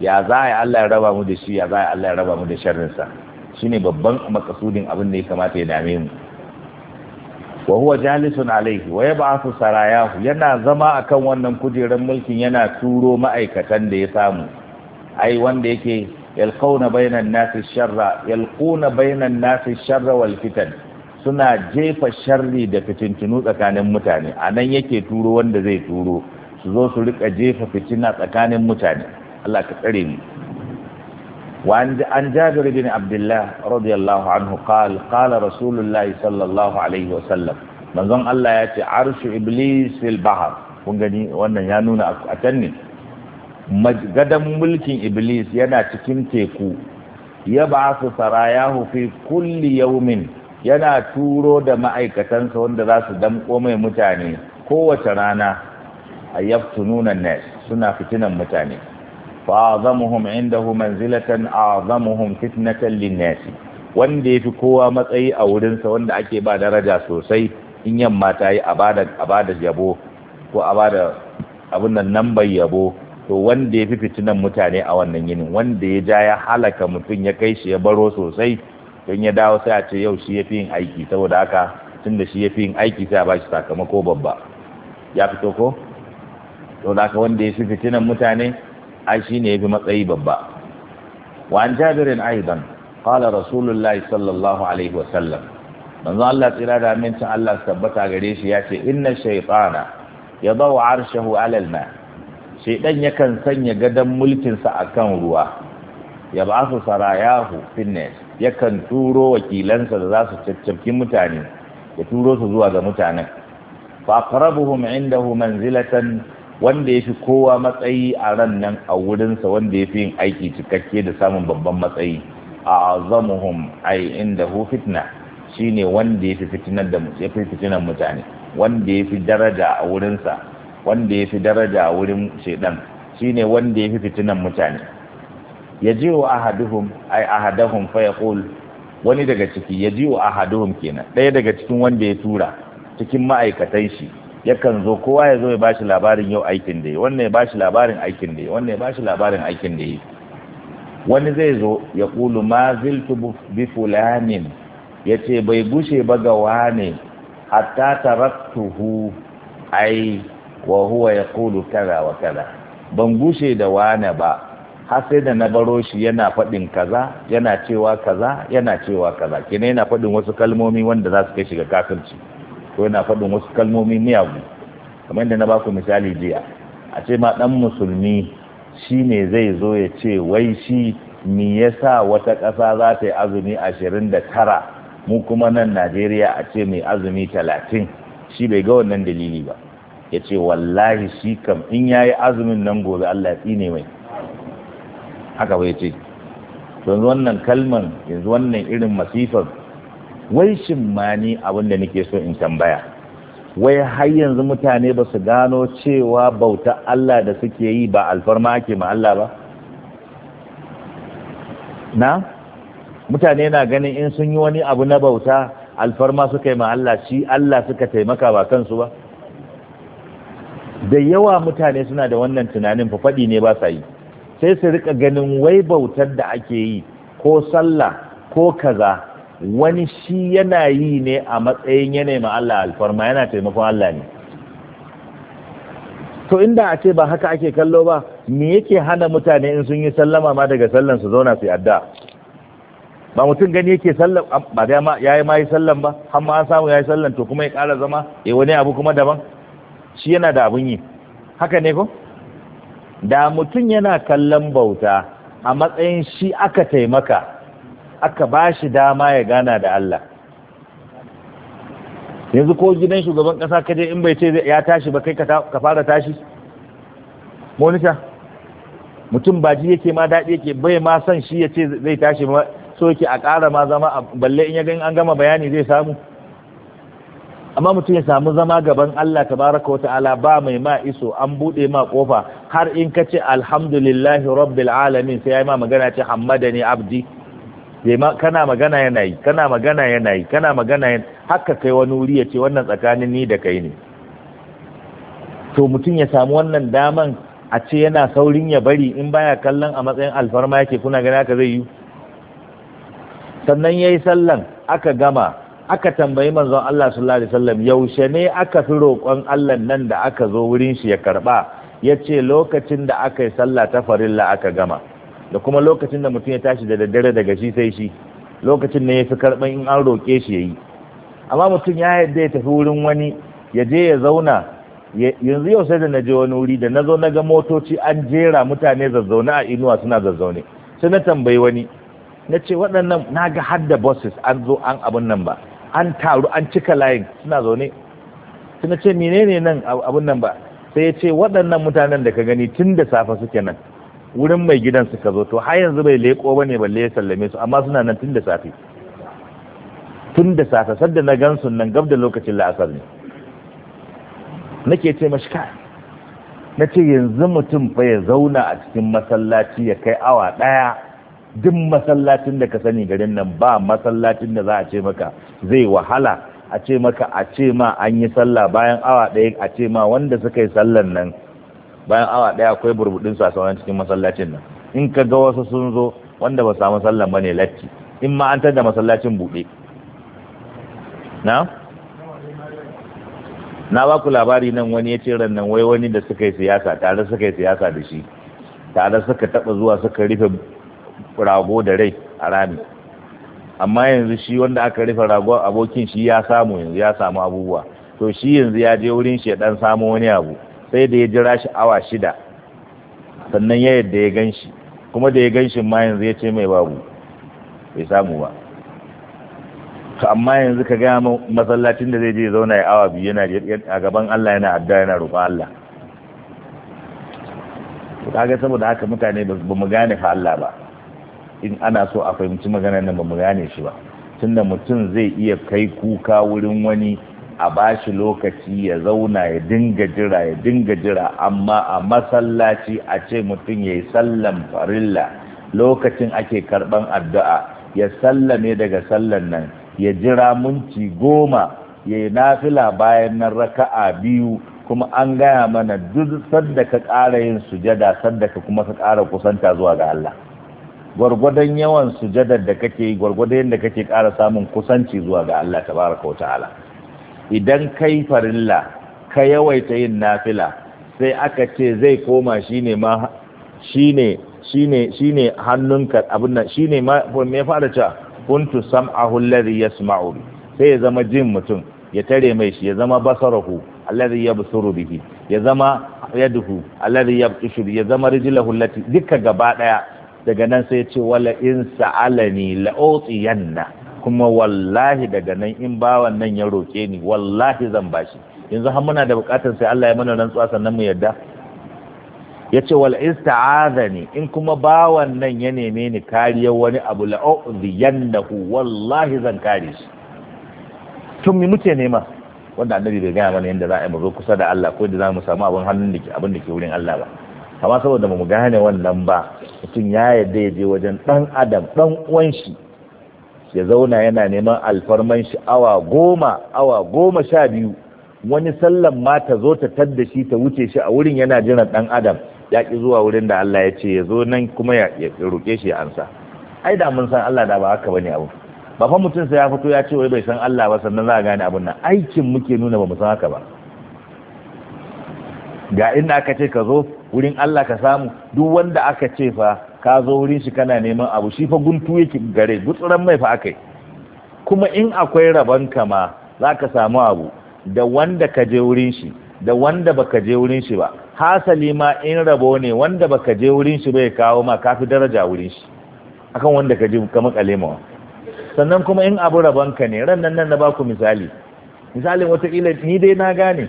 ya za a yi Allah ya raba mu da shi ya za a yi Allah ya raba mu da sharrinsa shine babban makasudin abin da ya kamata ya dame mu wa huwa jalisun alaihi wa yab'athu sarayahu yana zama akan wannan kujerar mulkin yana turo ma'aikatan da ya samu ai wanda yake yalquna bainan nasi sharra yalquna bainan nasi sharra wal fitan suna jefa sharri da fitintunu tsakanin mutane anan yake turo wanda zai turo su zo su rika jefa fitina tsakanin mutane Allah ka tsare mu وعن جابر بن عبد الله رضي الله عنه قال قال رسول الله صلى الله عليه وسلم من ظن الله يأتي عرش إبليس في البحر wannan ya nuna a can ne mulkin iblis yana cikin teku ya ba su ya fi kulli yaumin yana turo da ma'aikatansa wanda za su damko mai mutane kowace rana a yaftununan suna fitinan mutane فأعظمهم عنده منزلة أعظمهم فتنة للناس wanda ya fi kowa matsayi a wurinsa wanda ake ba daraja sosai in yamma ta yi a ba da yabo ko a ba da abin nan nambar yabo to wanda ya fi fitinan mutane a wannan yinin wanda ya ja ya halaka mutum ya kai shi ya baro sosai don ya dawo sai a ce yau shi ya fi yin aiki saboda haka tun da shi ya fi yin aiki sai a ba shi sakamako babba ya fito ko? to da haka wanda ya fi fitinan mutane ai ya fi matsayi babba wa an jabirin aidan qala rasulullahi sallallahu alaihi wa sallam manzo Allah tsira da amincin Allah tabbata gare shi ya ce inna shaytana yadau arshahu ala alma shaydan yakan sanya gadan mulkin sa akan ruwa ya ba'su sarayahu yakan turo wakilansa da za su caccafki mutane ya turo su zuwa ga mutanen fa aqrabuhum indahu manzilatan wanda ya fi kowa matsayi a ran nan a wurinsa wanda ya fi yin aiki cikakke da samun babban matsayi a azamuhum ai inda hu fitna shine wanda ya fi fitinar da ya fi fitinar mutane wanda ya fi daraja a wurinsa wanda ya fi daraja a wurin shaidan shine wanda ya fi fitinar mutane ya ji wa ahaduhum ai ahaduhum fa yaqul wani daga ciki ya ji wa ahaduhum kenan ɗaya daga cikin wanda ya tura cikin ma'aikatan shi yakan zo kowa ya zo ya bashi labarin yau aikin da yi wannan ya bashi labarin aikin da yi wannan ya bashi labarin aikin da yi wani zai zo ya kulu ma ziltu bi fulanin ya ce bai gushe ba ga wane hatta taraktuhu ai wa huwa ya kulu kaza wa kaza ban gushe da wane ba har sai da na baro shi yana faɗin kaza yana cewa kaza yana cewa kaza kina yana faɗin wasu kalmomi wanda za su kai shi ga kafirci ko yana faɗin wasu kalmomi miyagu kamar da na baku misali jiya a ce ma ɗan musulmi shi ne zai zo ya ce wai shi me yasa wata ƙasa za ta yi azumi ashirin da tara mu kuma nan najeriya a ce mai azumi talatin shi bai ga wannan dalili ba ya ce wallahi shi kam in ya yi azumin nan gobe allah tsine mai haka bai ce yanzu wannan kalman yanzu wannan irin masifar wai shin ma ni abin da nake so in tambaya wai har yanzu mutane ba su gano cewa bauta Allah da suke yi ba alfarma ake ma Allah ba na mutane na ganin in sun yi wani abu na bauta alfarma suka yi ma Allah shi Allah suka taimaka ba kansu ba da yawa mutane suna da wannan tunanin fa faɗi ne ba sa yi sai su rika ganin wai bautar da ake yi ko sallah ko kaza wani shi yana yi ne a matsayin yanayi ma Allah alfarma yana taimakon Allah ne to inda a ce ba haka ake kallo ba me yake hana mutane in sun yi sallama ma daga sallan su zauna su yadda ba mutum gani yake sallan ba da ma yayi ma yi sallan ba har an samu yayi sallan to kuma ya kara zama Ya wani abu kuma daban shi yana da abun yi haka ne ko da mutum yana kallon bauta a matsayin shi aka taimaka aka ba shi dama ya gana da Allah yanzu ko gidan shugaban kasa ka je in bai ce ya tashi ba kai ka fara tashi monita mutum ba ji yake ma daɗi yake bai ma son shi ya ce zai tashi ba so yake a ƙara ma zama a balle in ya gani an gama bayani zai samu amma mutum ya samu zama gaban Allah tabaraka wa ta'ala ba mai ma iso an buɗe ma kofa har in ka ce alhamdulillahi rabbil alamin sai ya yi ma magana ce hammadani abdi kana magana yana yi kana magana yana yi kana magana yana haka kai wani wuri ya ce wannan tsakanin ni da kai ne to mutum ya samu wannan daman a ce yana saurin ya bari in baya kallon a matsayin alfarma yake kuna gani haka zai yi sannan ya yi sallan aka gama aka tambayi manzon Allah sallallahu alaihi wasallam yaushe ne aka fi roƙon Allah nan da aka zo wurin shi ya karba ya lokacin da aka yi sallah ta farilla aka gama da kuma lokacin da mutum ya tashi da daddare daga shi sai shi lokacin ne ya fi karɓar in an roƙe shi ya yi amma mutum ya yadda ya tafi wurin wani ya je ya zauna yanzu yau sai da na je wani wuri da na zo na ga motoci an jera mutane zazzaune a inuwa suna zazzaune sai na tambayi wani na ce waɗannan na ga har da bosses an zo an abin nan ba an taru an cika layin suna zaune sai na ce menene nan abin nan ba sai ya ce waɗannan mutanen da ka gani tun da safe suke nan wurin mai gidan suka zo to har yanzu bai leko ba ne balle ya sallame su amma suna nan tun da safe tun da safe sadda na gan su nan gab da lokacin la'asar ne nake ce mashi ka na ce yanzu mutum fa ya zauna a cikin masallaci ya kai awa daya duk masallacin da ka sani garin nan ba masallacin da za a ce maka zai wahala a ce maka a ce ma an yi sallah bayan awa ɗaya a ce ma wanda suka yi sallan nan bayan awa daya akwai burbudin su a sauran cikin masallacin nan in ka ga wasu sun zo wanda ba samu sallan bane latti in ma an tada masallacin bude na na ba ku labari nan wani ya ce nan wai wani da suka yi siyasa tare suka yi siyasa da shi tare suka taba zuwa suka rufe rago da rai a rami amma yanzu shi wanda aka rufe rago abokin shi ya samu yanzu ya samu abubuwa to shi yanzu ya je wurin shi ya dan samu wani abu sai da ya jira shi awa shida sannan ya yadda ya gan shi kuma da ya gan shi ma yanzu ya ce mai babu bai samu ba to amma yanzu ka gaya masallacin da zai je zauna ya awa biyu a gaban Allah yana adda yana roƙon Allah kaga saboda haka mutane ba mu gane fa Allah ba in ana so a fahimci maganar nan ba mu gane shi ba tunda mutum zai iya kai kuka wurin wani a bashi lokaci ya zauna ya dinga jira ya dinga jira amma a masallaci a ce mutum ya yi sallan farilla lokacin ake karɓan addu'a ya sallame daga sallan nan ya jira minti goma ya yi nafila bayan nan raka'a biyu kuma an gaya mana duk sadda ka ƙara yin sujada sadda ka kuma ka ƙara kusanta zuwa ga Allah gwargwadon yawan sujadar da kake yi gwargwadon da kake kara samun kusanci zuwa ga Allah tabaraka wa ta'ala idan kai farilla ka yawaita yin nafila sai aka ce zai koma shine ma shine shine shine hannunka abin nan shine ma me fara cewa kuntu sam'ahu alladhi yasma'u sai ya zama jin mutum ya tare mai shi ya zama basarahu alladhi yabsuru bihi ya zama yaduhu alladhi yabtishu ya zama rijluhu allati duka gaba daya daga nan sai ya ce wala in sa'alani la'utiyanna kuma wallahi daga nan in bawan nan ya roke ni wallahi zan bashi yanzu har muna da buƙatar sai Allah ya mana rantsuwa sannan mu yarda yace ce wal ista'azani in kuma bawan nan ya neme ni kariyar wani abu yannahu wallahi zan kare shi tun mi muke nema wanda annabi bai gaya mana yanda za a yi mu zo kusa da Allah ko da za mu samu abin hannun da ke abin da ke wurin Allah ba amma saboda mu gane wannan ba mutum ya yarda ya je wajen dan adam dan uwan shi ya zauna yana neman alfarman shi awa goma awa goma sha biyu wani sallan ma ta zo ta tadda shi ta wuce shi a wurin yana jiran dan adam ya ki zuwa wurin da Allah ya ce ya zo nan kuma ya roƙe shi ya ansa ai da mun san Allah da ba haka bane abu ba fa mutum sai ya fito ya ce wai bai san Allah ba sannan za a gane abun nan aikin muke nuna ba mu san haka ba ga inda aka ce ka zo wurin Allah ka samu duk wanda aka ce fa ka zo wurin shi kana neman abu shi fa guntu yake gare gutsuran mai fa akai kuma in akwai rabon ma za ka samu abu da wanda ka je wurin shi da wanda baka je wurin shi ba hasali ma in rabo ne wanda baka je wurin shi bai kawo ma kafi daraja wurin shi akan wanda ka je ka makale ma sannan kuma in abu rabon ka ne ran nan nan na baku misali misalin wataƙila ni dai na gane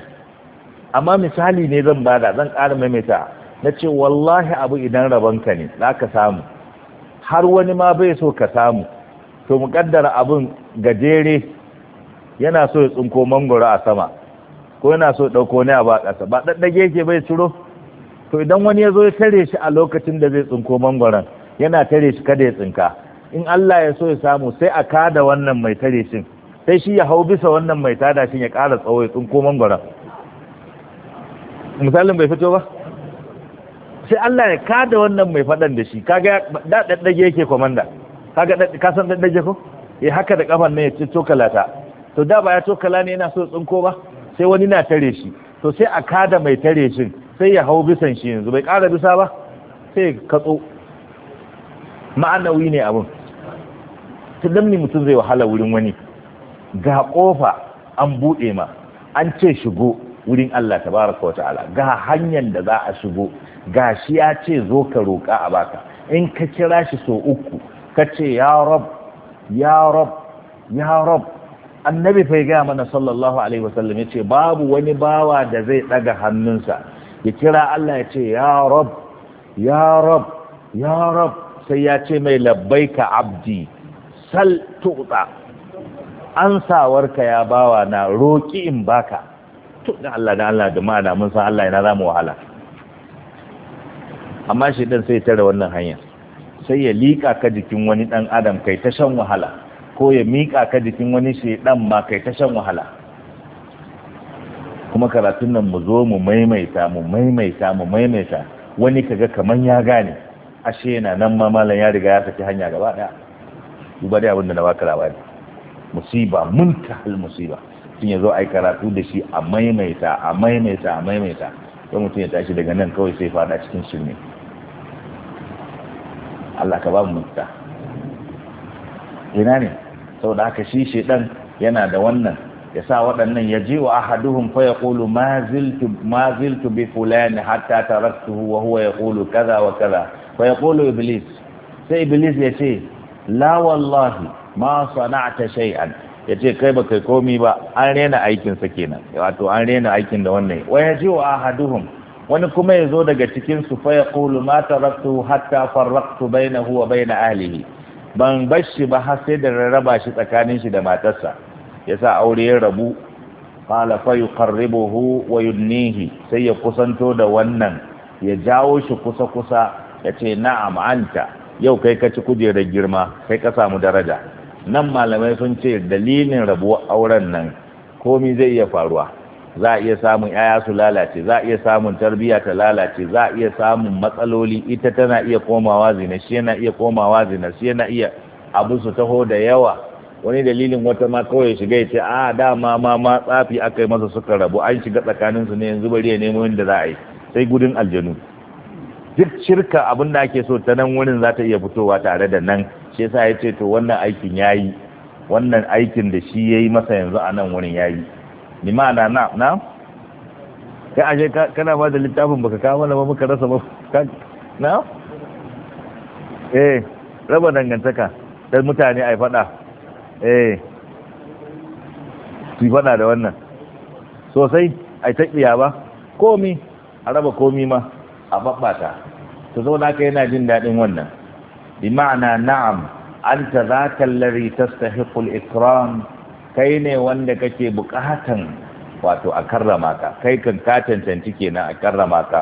amma misali ne zan bada zan ƙara maimaita na ce wallahi abu idan rabon ka ne za ka samu har wani ma bai so ka samu to mu kaddara abin gajere yana so ya tsinko mangoro a sama ko yana so ɗauko ne a ba ƙasa ba ɗaɗɗage yake bai ciro to idan wani ya zo ya tare shi a lokacin da zai tsinko mangoron yana tare shi kada ya tsinka in Allah ya so ya samu sai a kada wannan mai tare shi sai shi ya hau bisa wannan mai tada shi ya ƙara tsawo ya tsinko mangoron misalin bai fito ba sai Allah ya kada wannan mai fadan da shi kaga da daddage yake komanda kaga ka san daddage ko eh haka da kafan ne ya ci tokalata to da ba ya tokala ne yana so tsinko ba sai wani na tare shi to sai a kada mai tare shi sai ya hau bisan shi yanzu bai kara bisa ba sai ka tso. ma'anawi ne abin ta damni mutum zai wahala wurin wani ga kofa an buɗe ma an ce shigo wurin Allah tabaraka wa ta'ala ga hanyar da za a shigo ga shi ya ce zo ka roƙa a baka in ka kira shi so uku ka ce ya rab ya rab ya rab annabi fa ga mana sallallahu alaihi wasallam yace babu wani bawa da zai daga hannunsa ya kira Allah ya ce ya rab ya rab ya rab sai ya ce mai labbaika abdi sal tuqta ansawarka ya bawa na roƙi in baka to da Allah da Allah da ma'ana mun san Allah yana zamu wahala amma shi dan sai tare wannan hanya sai ya lika ka jikin wani dan adam kai ta shan wahala ko ya mika ka jikin wani shedan ma kai ta shan wahala kuma karatun nan mu zo mu maimaita mu maimaita mu maimaita wani kaga kaman ya gane ashe yana nan ma malam ya riga ya saki hanya gaba daya duba dai abin da na baka labari musiba muntahal musiba sun ya zo a yi karatu da shi a maimaita a maimaita a maimaita don mutum ya tashi daga nan kawai sai fada cikin shirme Allah ka ba mu mutta ina ne saboda haka shi dan yana da wannan ya sa waɗannan ya ji wa ahaduhum fa yaqulu ma ma ziltu bi fulani hatta taraktuhu wa huwa yaqulu kaza wa kaza fa yaqulu iblis sai iblis ya ce la wallahi ma sana'ta shay'an ya ce kai ba kai komi ba an rena aikinsa kenan wato an rena aikin da wannan wa ya ji wa ahaduhum wani kuma ya zo daga cikin su fa yaqulu ma taraktu hatta farraqtu bainahu wa bain ahlihi ban bashi ba har sai da rarraba shi tsakanin shi da matarsa yasa aure ya rabu qala fa yuqarribuhu wa yunnihi sai ya kusanto da wannan ya jawo shi kusa kusa yace ce na'am anta yau kai ka ci kujerar girma kai ka samu daraja nan malamai sun ce dalilin rabuwar auren nan komi zai iya faruwa za a iya samun yaya su lalace za a iya samun tarbiyya ta lalace za a iya samun matsaloli ita tana iya komawa zina shi yana iya komawa zina shi yana iya abu su taho da yawa wani dalilin wata ma kawai shiga ya ce a ah, dama ma ma tsafi aka yi masa suka rabu an shiga su ne yanzu bari ya nemo inda za a yi sai gudun aljanu duk shirka abin da ake so ta nan wurin za ta iya fitowa tare da nan shi yasa ya ce to wannan aikin ya yi wannan aikin da shi ya yi masa yanzu a nan wurin yi ni ma'ana na na kai aje kana ba da littafin baka kawo mana ba muka rasa ba na eh raba dangantaka da mutane ai fada eh su fada da wannan sosai ai taƙiya ba komi a raba komi ma a babbata to zo da ka yana jin daɗin wannan bima'ana na'am anta zaka alladhi tastahiqu al-ikram kai ne wanda kake bukatan wato a karrama ka kai kan kenan a karrama ka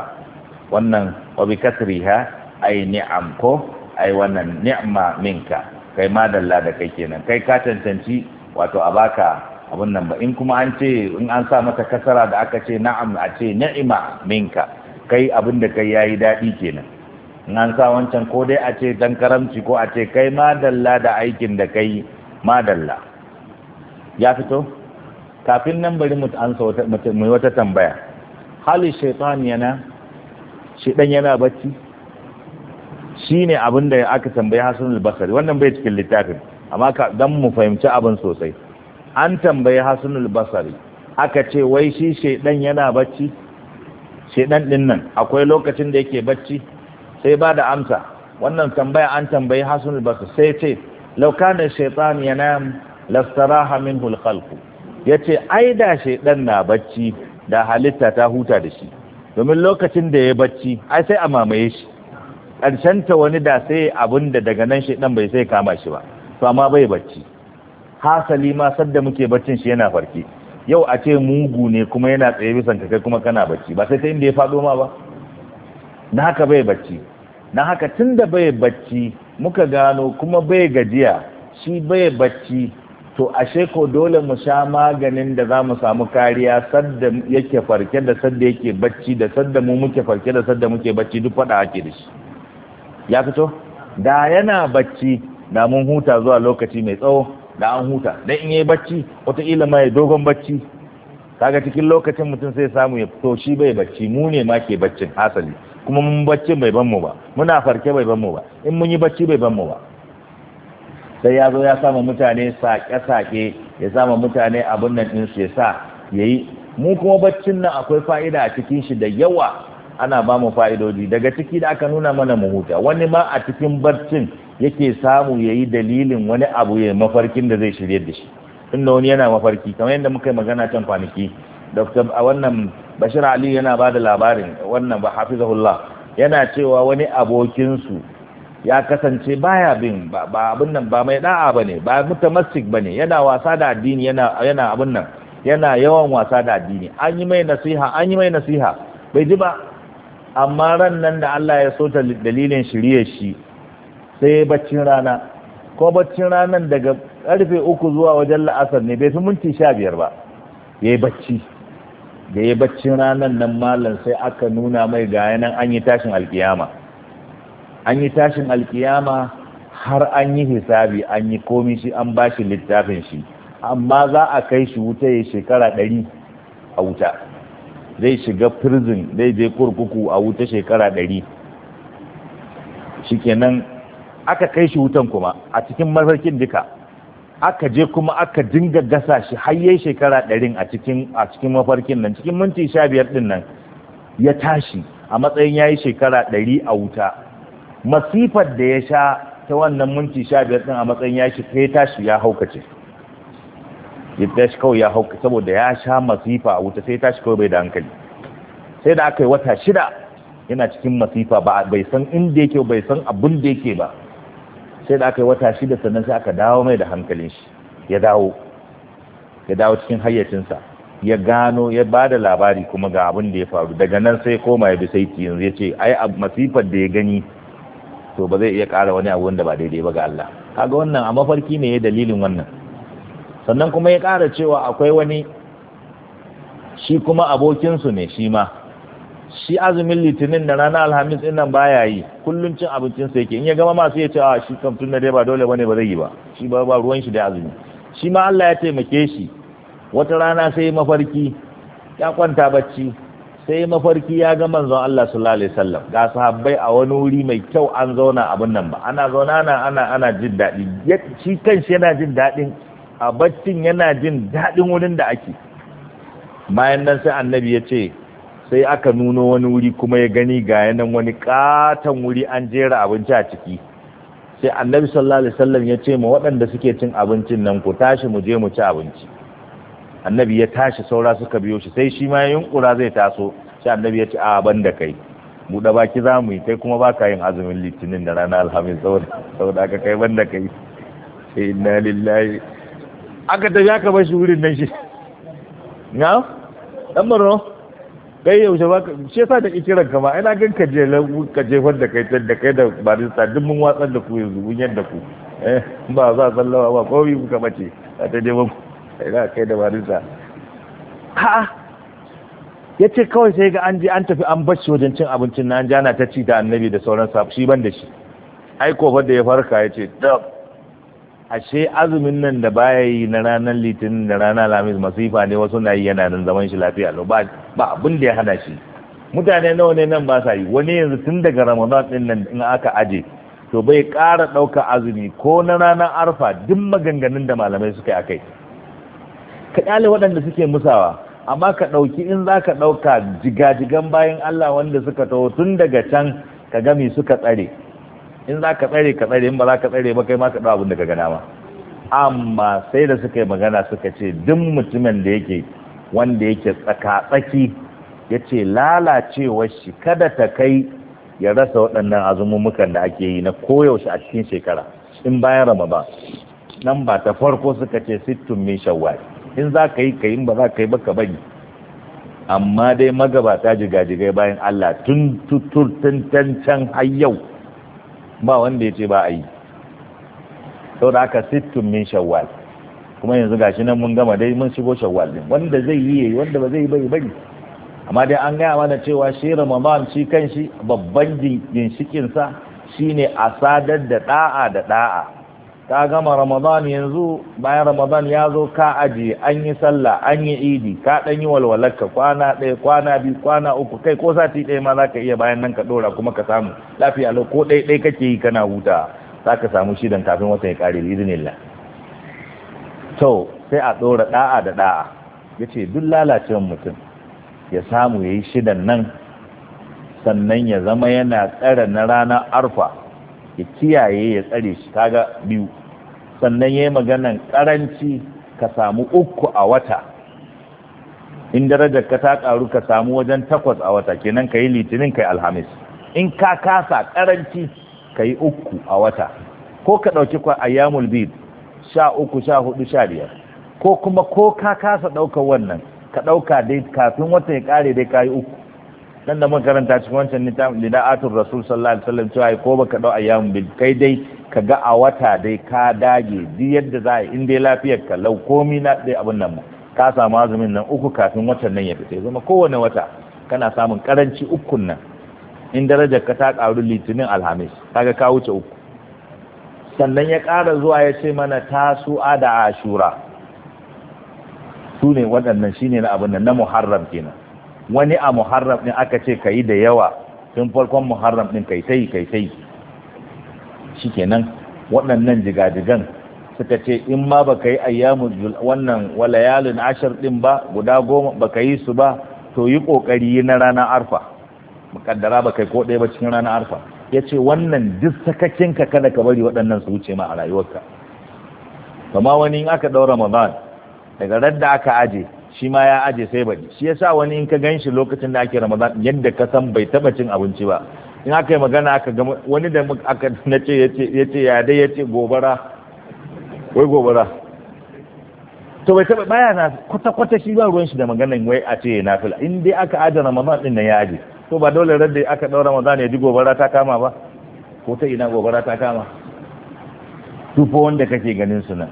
wannan wa bi kasriha ay ni'am ko ai wannan ni'ma minka kai ma dalla da kai kenan kai ka cancanci wato a baka abun nan ba in kuma an ce in an sa mata kasara da aka ce na'am a ce ni'ima minka kai abinda kai yayi dadi kenan nan sa wancan ko dai a ce dan karamci ko a ce kai madalla da aikin da kai madalla ya fito kafin nan bari mu ansa mu wata tambaya hali shaitan yana shi dan yana bacci shine abin da aka tambayi Hassan al-Basri wannan bai cikin littafin amma ka dan mu fahimci abin sosai an tambayi Hassan al-Basri aka ce wai shi Shaitan yana bacci Shaitan din nan akwai lokacin da yake bacci sai ba da amsa wannan tambaya an tambayi hasan al-basri sai ce law kana shaytan yanam lastaraha minhu al-khalq yace ai da shaydan na bacci da halitta ta huta da shi domin lokacin da ya bacci ai sai a mamaye shi ta wani da sai abin da daga nan shaydan bai sai kama shi ba to amma bai bacci hasali ma sadda muke baccin shi yana farki yau a ce mugu ne kuma yana tsaye bisan kai kuma kana bacci ba sai ta inda ya faɗo ma ba na haka bai bacci na haka tun da bai bacci muka gano kuma bai gajiya shi bai bacci to ashe ko dole mu sha maganin da za mu samu kariya sadda yake farke da sadda yake bacci da sadda mu muke farke da sadda muke bacci duk faɗa ake da shi ya fito da yana bacci da mun huta zuwa lokaci mai tsawo da an huta dan in yayi bacci wataƙila ma ya dogon bacci kaga cikin lokacin mutum sai samu ya fito shi bai bacci mu ne ma ke baccin hasali kuma mun bacci bai ban mu ba muna farke bai ban mu ba in mun yi bacci bai ban mu ba sai ya zo ya sama mutane sake-sake ya sama mutane abin nan ɗinsu ya sa ya yi mu kuma baccin nan akwai fa'ida a cikin shi da yawa ana ba mu fa'idoji daga ciki da aka nuna mana mu huta wani ma a cikin baccin yake samu ya yi dalilin wani abu ya mafarkin da zai shirya da shi inda wani yana mafarki kamar yadda muka yi magana can kwanaki dr a wannan bashir ali yana ba da labarin wannan ba hafizahullah yana cewa wani abokinsu ya kasance baya bin ba abin nan ba mai da'a bane ba mutamassik bane yana wasa da addini yana abin nan yana yawan wasa da addini an yi mai nasiha an yi mai nasiha bai ji ba amma ran nan da Allah ya so ta dalilin shirye shi sai baccin rana ko baccin ranan daga karfe uku zuwa wajen la'asar ne bai fi minti sha biyar ba ya yi bacci da ya baccin ranar nan malam sai aka nuna mai ga yanan an yi tashin alkiyama an yi tashin alkiyama har an yi hisabi an yi komi shi an ba shi littafin shi amma za a kai shi wuta ya shekara ɗari a wuta zai shiga prison zai je kurkuku a wuta shekara ɗari shikenan aka kai shi wutan kuma a cikin mafarkin duka aka je kuma aka dinga gasa shi har shekara ɗarin a cikin a cikin mafarkin nan cikin minti sha biyar ɗin nan ya tashi a matsayin yayi shekara ɗari a wuta masifar da ya sha ta wannan minti sha biyar ɗin a matsayin ya shi ya tashi ya haukace ya tashi kawai ya haukace saboda ya sha masifa a wuta sai ya tashi kawai bai da hankali sai da aka yi wata shida yana cikin masifa ba bai san inda yake bai san abin da yake ba sai da aka yi wata shida sannan sai aka dawo mai da hankalin shi ya dawo ya dawo cikin hayyacinsa ya gano ya ba da labari kuma ga abin da ya faru daga nan sai koma ya bi saiti yanzu ya ce ai masifar da ya gani to ba zai iya ƙara wani abu wanda ba daidai ba ga Allah kaga wannan a mafarki ne ya dalilin wannan sannan kuma ya ƙara cewa akwai wani shi kuma abokinsu ne shi ma shi azumin litinin da ranar alhamis din nan baya yi kullum cin abincin sa yake in ya gama masu sai ya ce a shi kan dai ba dole bane ba zai yi ba shi ba ba ruwan shi da azumi shi ma Allah ya taimake shi wata rana sai mafarki ya kwanta bacci sai mafarki ya ga manzon Allah sallallahu alaihi wasallam ga sahabbai a wani wuri mai kyau an zauna abin nan ba ana zauna ana ana ana jin daɗi shi kanshi yana jin daɗin a baccin yana jin daɗin wurin da ake bayan nan sai annabi ya ce sai aka nuno wani wuri kuma ya gani ga yanan wani katon wuri an jera abinci a ciki sai annabi sallallahu alaihi wasallam ya ce ma waɗanda suke cin abincin nan ku tashi mu je mu ci abinci annabi ya tashi saura suka biyo shi sai shi ma yunkura zai taso sai annabi ya ce a ban da kai buɗe baki za mu yi kai kuma ba ka yin azumin litinin da ranar alhamis saboda aka kai ban da kai sai inna lillahi aka tafi aka bar shi wurin nan shi na ɗan kai yaushe ba shi yasa da kiran ka ba ina gan ka je ka jefar da kai da kai da barista duk mun watsar da ku yanzu mun yadda ku eh ba za sallawa ba ko komai kuka bace a ta je muku ina kai da barista ha ya ce kawai sai ga an je an tafi an shi wajen cin abincin na an jana ta ci da annabi da sauran sa shi ban da shi ai kofar da ya farka ya ce dab ashe azumin nan da baya yi na ranar litinin da ranar lamis masifa ne wasu na yi yana nan zaman shi lafiya lau ba abin da ya hada shi mutane nawa ne nan ba sa yi wani yanzu tun daga ramadan din nan in aka aje to bai kara ɗauka azumi ko na ranar arfa duk maganganun da malamai suka yi akai ka ƙyale waɗanda suke musawa amma ka ɗauki in zaka ka ɗauka jigajigan bayan Allah wanda suka taho tun daga can ka gami suka tsare in za ka tsare ka tsare in ba za ka tsare ba kai ma ka ɗau abin da ka gana ma amma sai da suka yi magana suka ce duk mutumin da yake wanda yake tsaka tsaki ya ce lalacewar shi kada ta kai ya rasa waɗannan azumumukan da ake yi na koyaushe a cikin shekara in bayan ba. nan ba ta farko suka ce sittin min shawwal in za ka yi ka yi ba za ka yi ba ka bari amma dai magabata jigajigai bayan Allah tun tutur tun can har yau ba wanda ya ce ba a yi da aka sittun min shawwal kuma yanzu gashi nan mun gama dai mun shigo shawwal din wanda zai yi yayi wanda ba zai bai bari amma dai an gaya mana cewa shi ramadan shi kanshi babban ginshikinsa shine a sadar da da'a da da'a ka gama ramadan yanzu bayan ramadan ya zo ka ajiye an yi sallah an yi idi ka dan yi walwalarka kwana ɗaya kwana biyu kwana uku kai ko sati ɗaya ma za ka iya bayan nan ka ɗora kuma ka samu lafiya lau ko ɗaya ɗaya kake yi kana huta za ka samu shidan kafin wata ya ƙare izinillah to sai a ɗora ɗa'a da ɗa'a ya ce duk lalacewan mutum ya samu ya yi shidan nan sannan ya zama yana tsara na ranar arfa ya kiyaye ya tsare shi kaga biyu sannan ya yi maganan karanci ka samu uku a wata in darajar ka ta karu ka samu wajen takwas a wata kenan ka yi litinin ka yi alhamis in ka kasa karanci ka yi uku a wata ko ka ɗauki kwa ayyamul bid sha uku sha hudu sha biyar ko kuma ko ka kasa ɗaukar wannan ka ɗauka dai kafin wata ya kare dai ka yi uku Nan da makaranta cikin wancan nida'atul rasul sallallahu alaihi wasallam cewa ko baka dau ayyamul bid kai dai ka ga a wata dai ka dage duk yadda za a in dai lafiyar ka lau komi na dai abin nan ka samu azumin nan uku kafin watan nan ya fita zama kowane wata kana samun karanci uku nan in darajar ka ta karu litinin alhamis kaga ka wuce uku sannan ya kara zuwa ya ce mana tasu'a da ashura su ne waɗannan shi ne na abin nan na muharram kenan wani a muharram ɗin aka ce ka yi da yawa tun farkon muharram ɗin kai sai kai sai kenan waɗannan jigajigan suka ce in ma baka yi ayyamu wannan walayalin ashir ɗin ba guda goma baka yi su ba to yi kokari na ranar arfa muƙaddara ba kai ko ɗaya ba cikin ranar arfa ya ce wannan duk ka kada ka bari waɗannan su wuce ma a rayuwarka kama wani in aka ɗaura ramadan daga radda aka aje shi ma ya aje sai bari, shi yasa wani in ka gan shi lokacin da ake ramadan yadda ka san bai taɓa cin abinci ba in aka yi magana aka ga wani da aka na ce ya dai ce gobara wai gobara to bai taba baya na kwata kwata shi ba ruwan shi da maganan wai a ce na fila in dai aka adana ramadan din nan ya aje to ba dole radda aka daura ramadan ya ji gobara ta kama ba ko ta ina gobara ta kama tufo wanda kake ganin su nan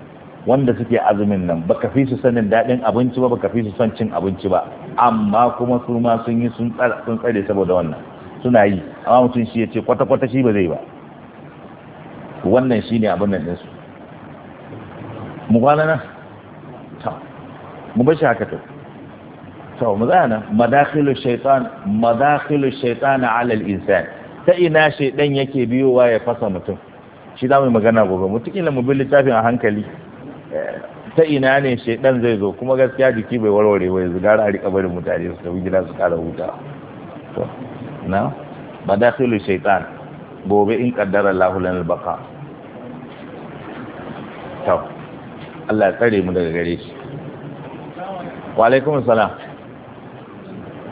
wanda suke azumin nan baka fi su sanin daɗin abinci ba baka fi su son cin abinci ba amma kuma su ma sun yi sun tsare saboda wannan suna yi amma mutum shi ya ce kwata-kwata shi ba zai ba wannan shi ne abin nan ɗinsu mu kwana nan mu bashi haka to to mu tsaya na madakilu shaitan madakilu shaitan alal insan ta ina shaidan yake biyowa ya fasa mutum shi za mu yi magana gobe da mu bi littafin a hankali ta ina ne shaidan zai zo kuma gaskiya jiki bai warware wai zugara a rika barin mutane su tafi gida su kara huta na madakhilu shaitan gobe in kaddara Allahu lana al-baqa to Allah ya tsare mu daga gare shi wa alaikum assalam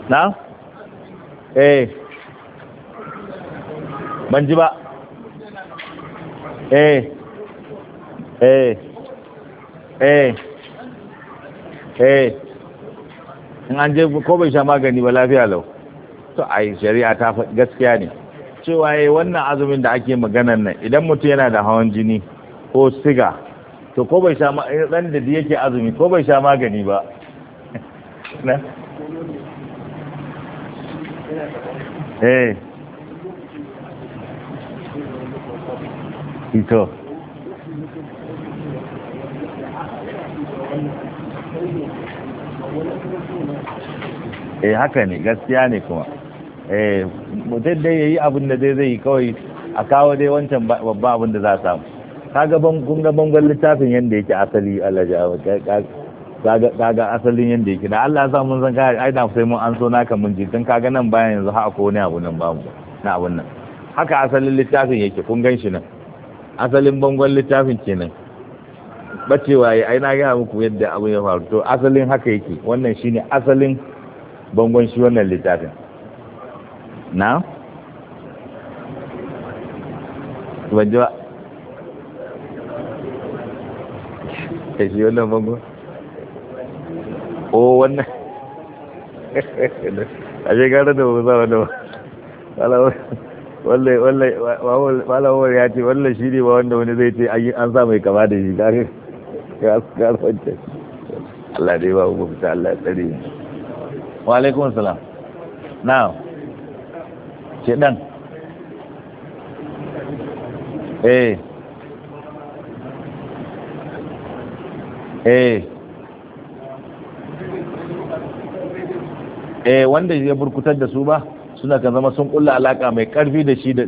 na eh ban ji ba eh eh eh eh in an je ko bai sha magani ba lafiya lau to shari'a ta faɗi gaskiya ne cewa yi wannan azumin da ake maganan nan idan mutum yana da hawan jini ko siga to ko bai sha dan eh, da yake azumi ko bai sha magani ba eh ito eh haka ne gaskiya ne kuma eh mutum dai yi abin da zai zai kawai a kawo dai wancan babban abin da za a samu kaga kun ga bangon littafin yadda yake asali alaji kaga asalin yadda yake da Allah ya sa mun san kai ai da sai mun an so naka mun ji tun kaga nan bayan yanzu ha akwai wani abu nan na abun nan haka asalin littafin yake kun gan shi nan asalin bangon littafin kenan bacewa ya ai na gaya muku yadda abu ya faru to asalin haka yake wannan shine asalin bangon shi wannan littafin na wajewa ka shi wannan bango o oh, wannan a shekarar da ba Wala wala wala ya ce wala shi ne ba wanda wani zai ce an sa mai kama da shi gari gaswancan Allah dai ba mu fita Allah tsari wa alaikun salam na'am ɗan eh eh eh wanda ya burkutar da su ba suna kan zama sun kulla alaka mai karfi da shi da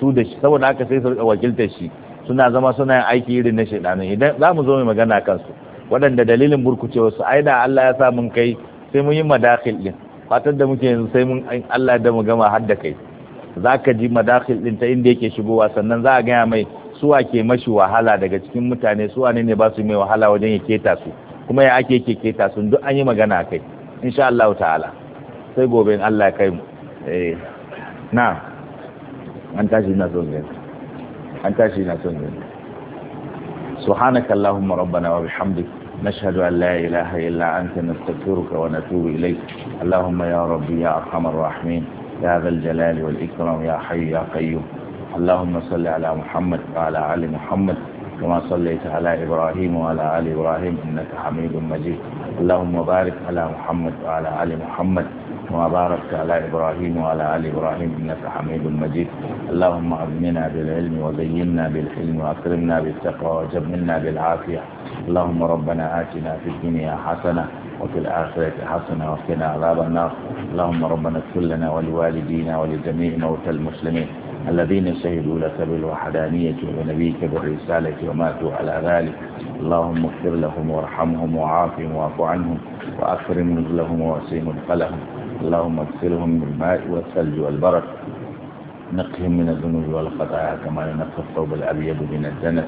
su da shi saboda haka sai su wakilta shi suna zama suna yin aiki irin na shaidanin idan za mu zo mai magana kansu waɗanda dalilin burkucewa su ai da Allah ya sa mun kai sai mun yi madakhil din fatan da muke yanzu sai mun Allah da mu gama har da kai za ka ji madakhil din ta inda yake shigowa sannan za a gaya mai suwa ke mashi wahala daga cikin mutane suwa ne ne ba su mai wahala wajen ya keta su kuma ya ake ke keta su duk an yi magana a kai insha Allah ta'ala sai gobe in Allah ya kai mu eh na an tashi na son gani an tashi na son gani subhanaka allahumma rabbana wa bihamdika نشهد أن لا إله إلا أنت نستغفرك ونتوب إليك اللهم يا ربي يا أرحم الراحمين يا ذا الجلال والإكرام يا حي يا قيوم اللهم صل على محمد وعلى آل محمد كما صليت على إبراهيم وعلى آل إبراهيم إنك حميد مجيد اللهم بارك على محمد وعلى آل محمد كما باركت على إبراهيم وعلى آل إبراهيم إنك حميد مجيد اللهم أغننا بالعلم وزيننا بالحلم وأكرمنا بالتقوى وجملنا بالعافية اللهم ربنا آتنا في الدنيا حسنة وفي الآخرة حسنة وقنا عذاب النار اللهم ربنا اغفر لنا ولوالدينا ولجميع موتى المسلمين الذين شهدوا لك بالوحدانية ونبيك بالرسالة وماتوا على ذلك اللهم اغفر لهم وارحمهم وعافهم واعف عنهم وأكرم نزلهم ووسع مدخلهم اللهم اغسلهم بالماء والثلج والبرد نقهم من الذنوب والخطايا كما ينقى الثوب الأبيض من الدنس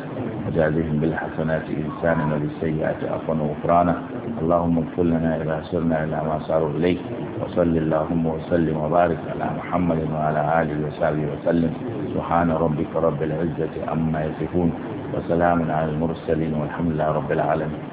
وجازهم بالحسنات إنسانا وبالسيئات عفوا وغفرانا اللهم اغفر لنا إذا سرنا إلى ما صاروا إليه وصل اللهم وسلم وبارك على محمد وعلى آله وصحبه وسلم سبحان ربك رب العزة عما يصفون وسلام على المرسلين والحمد لله رب العالمين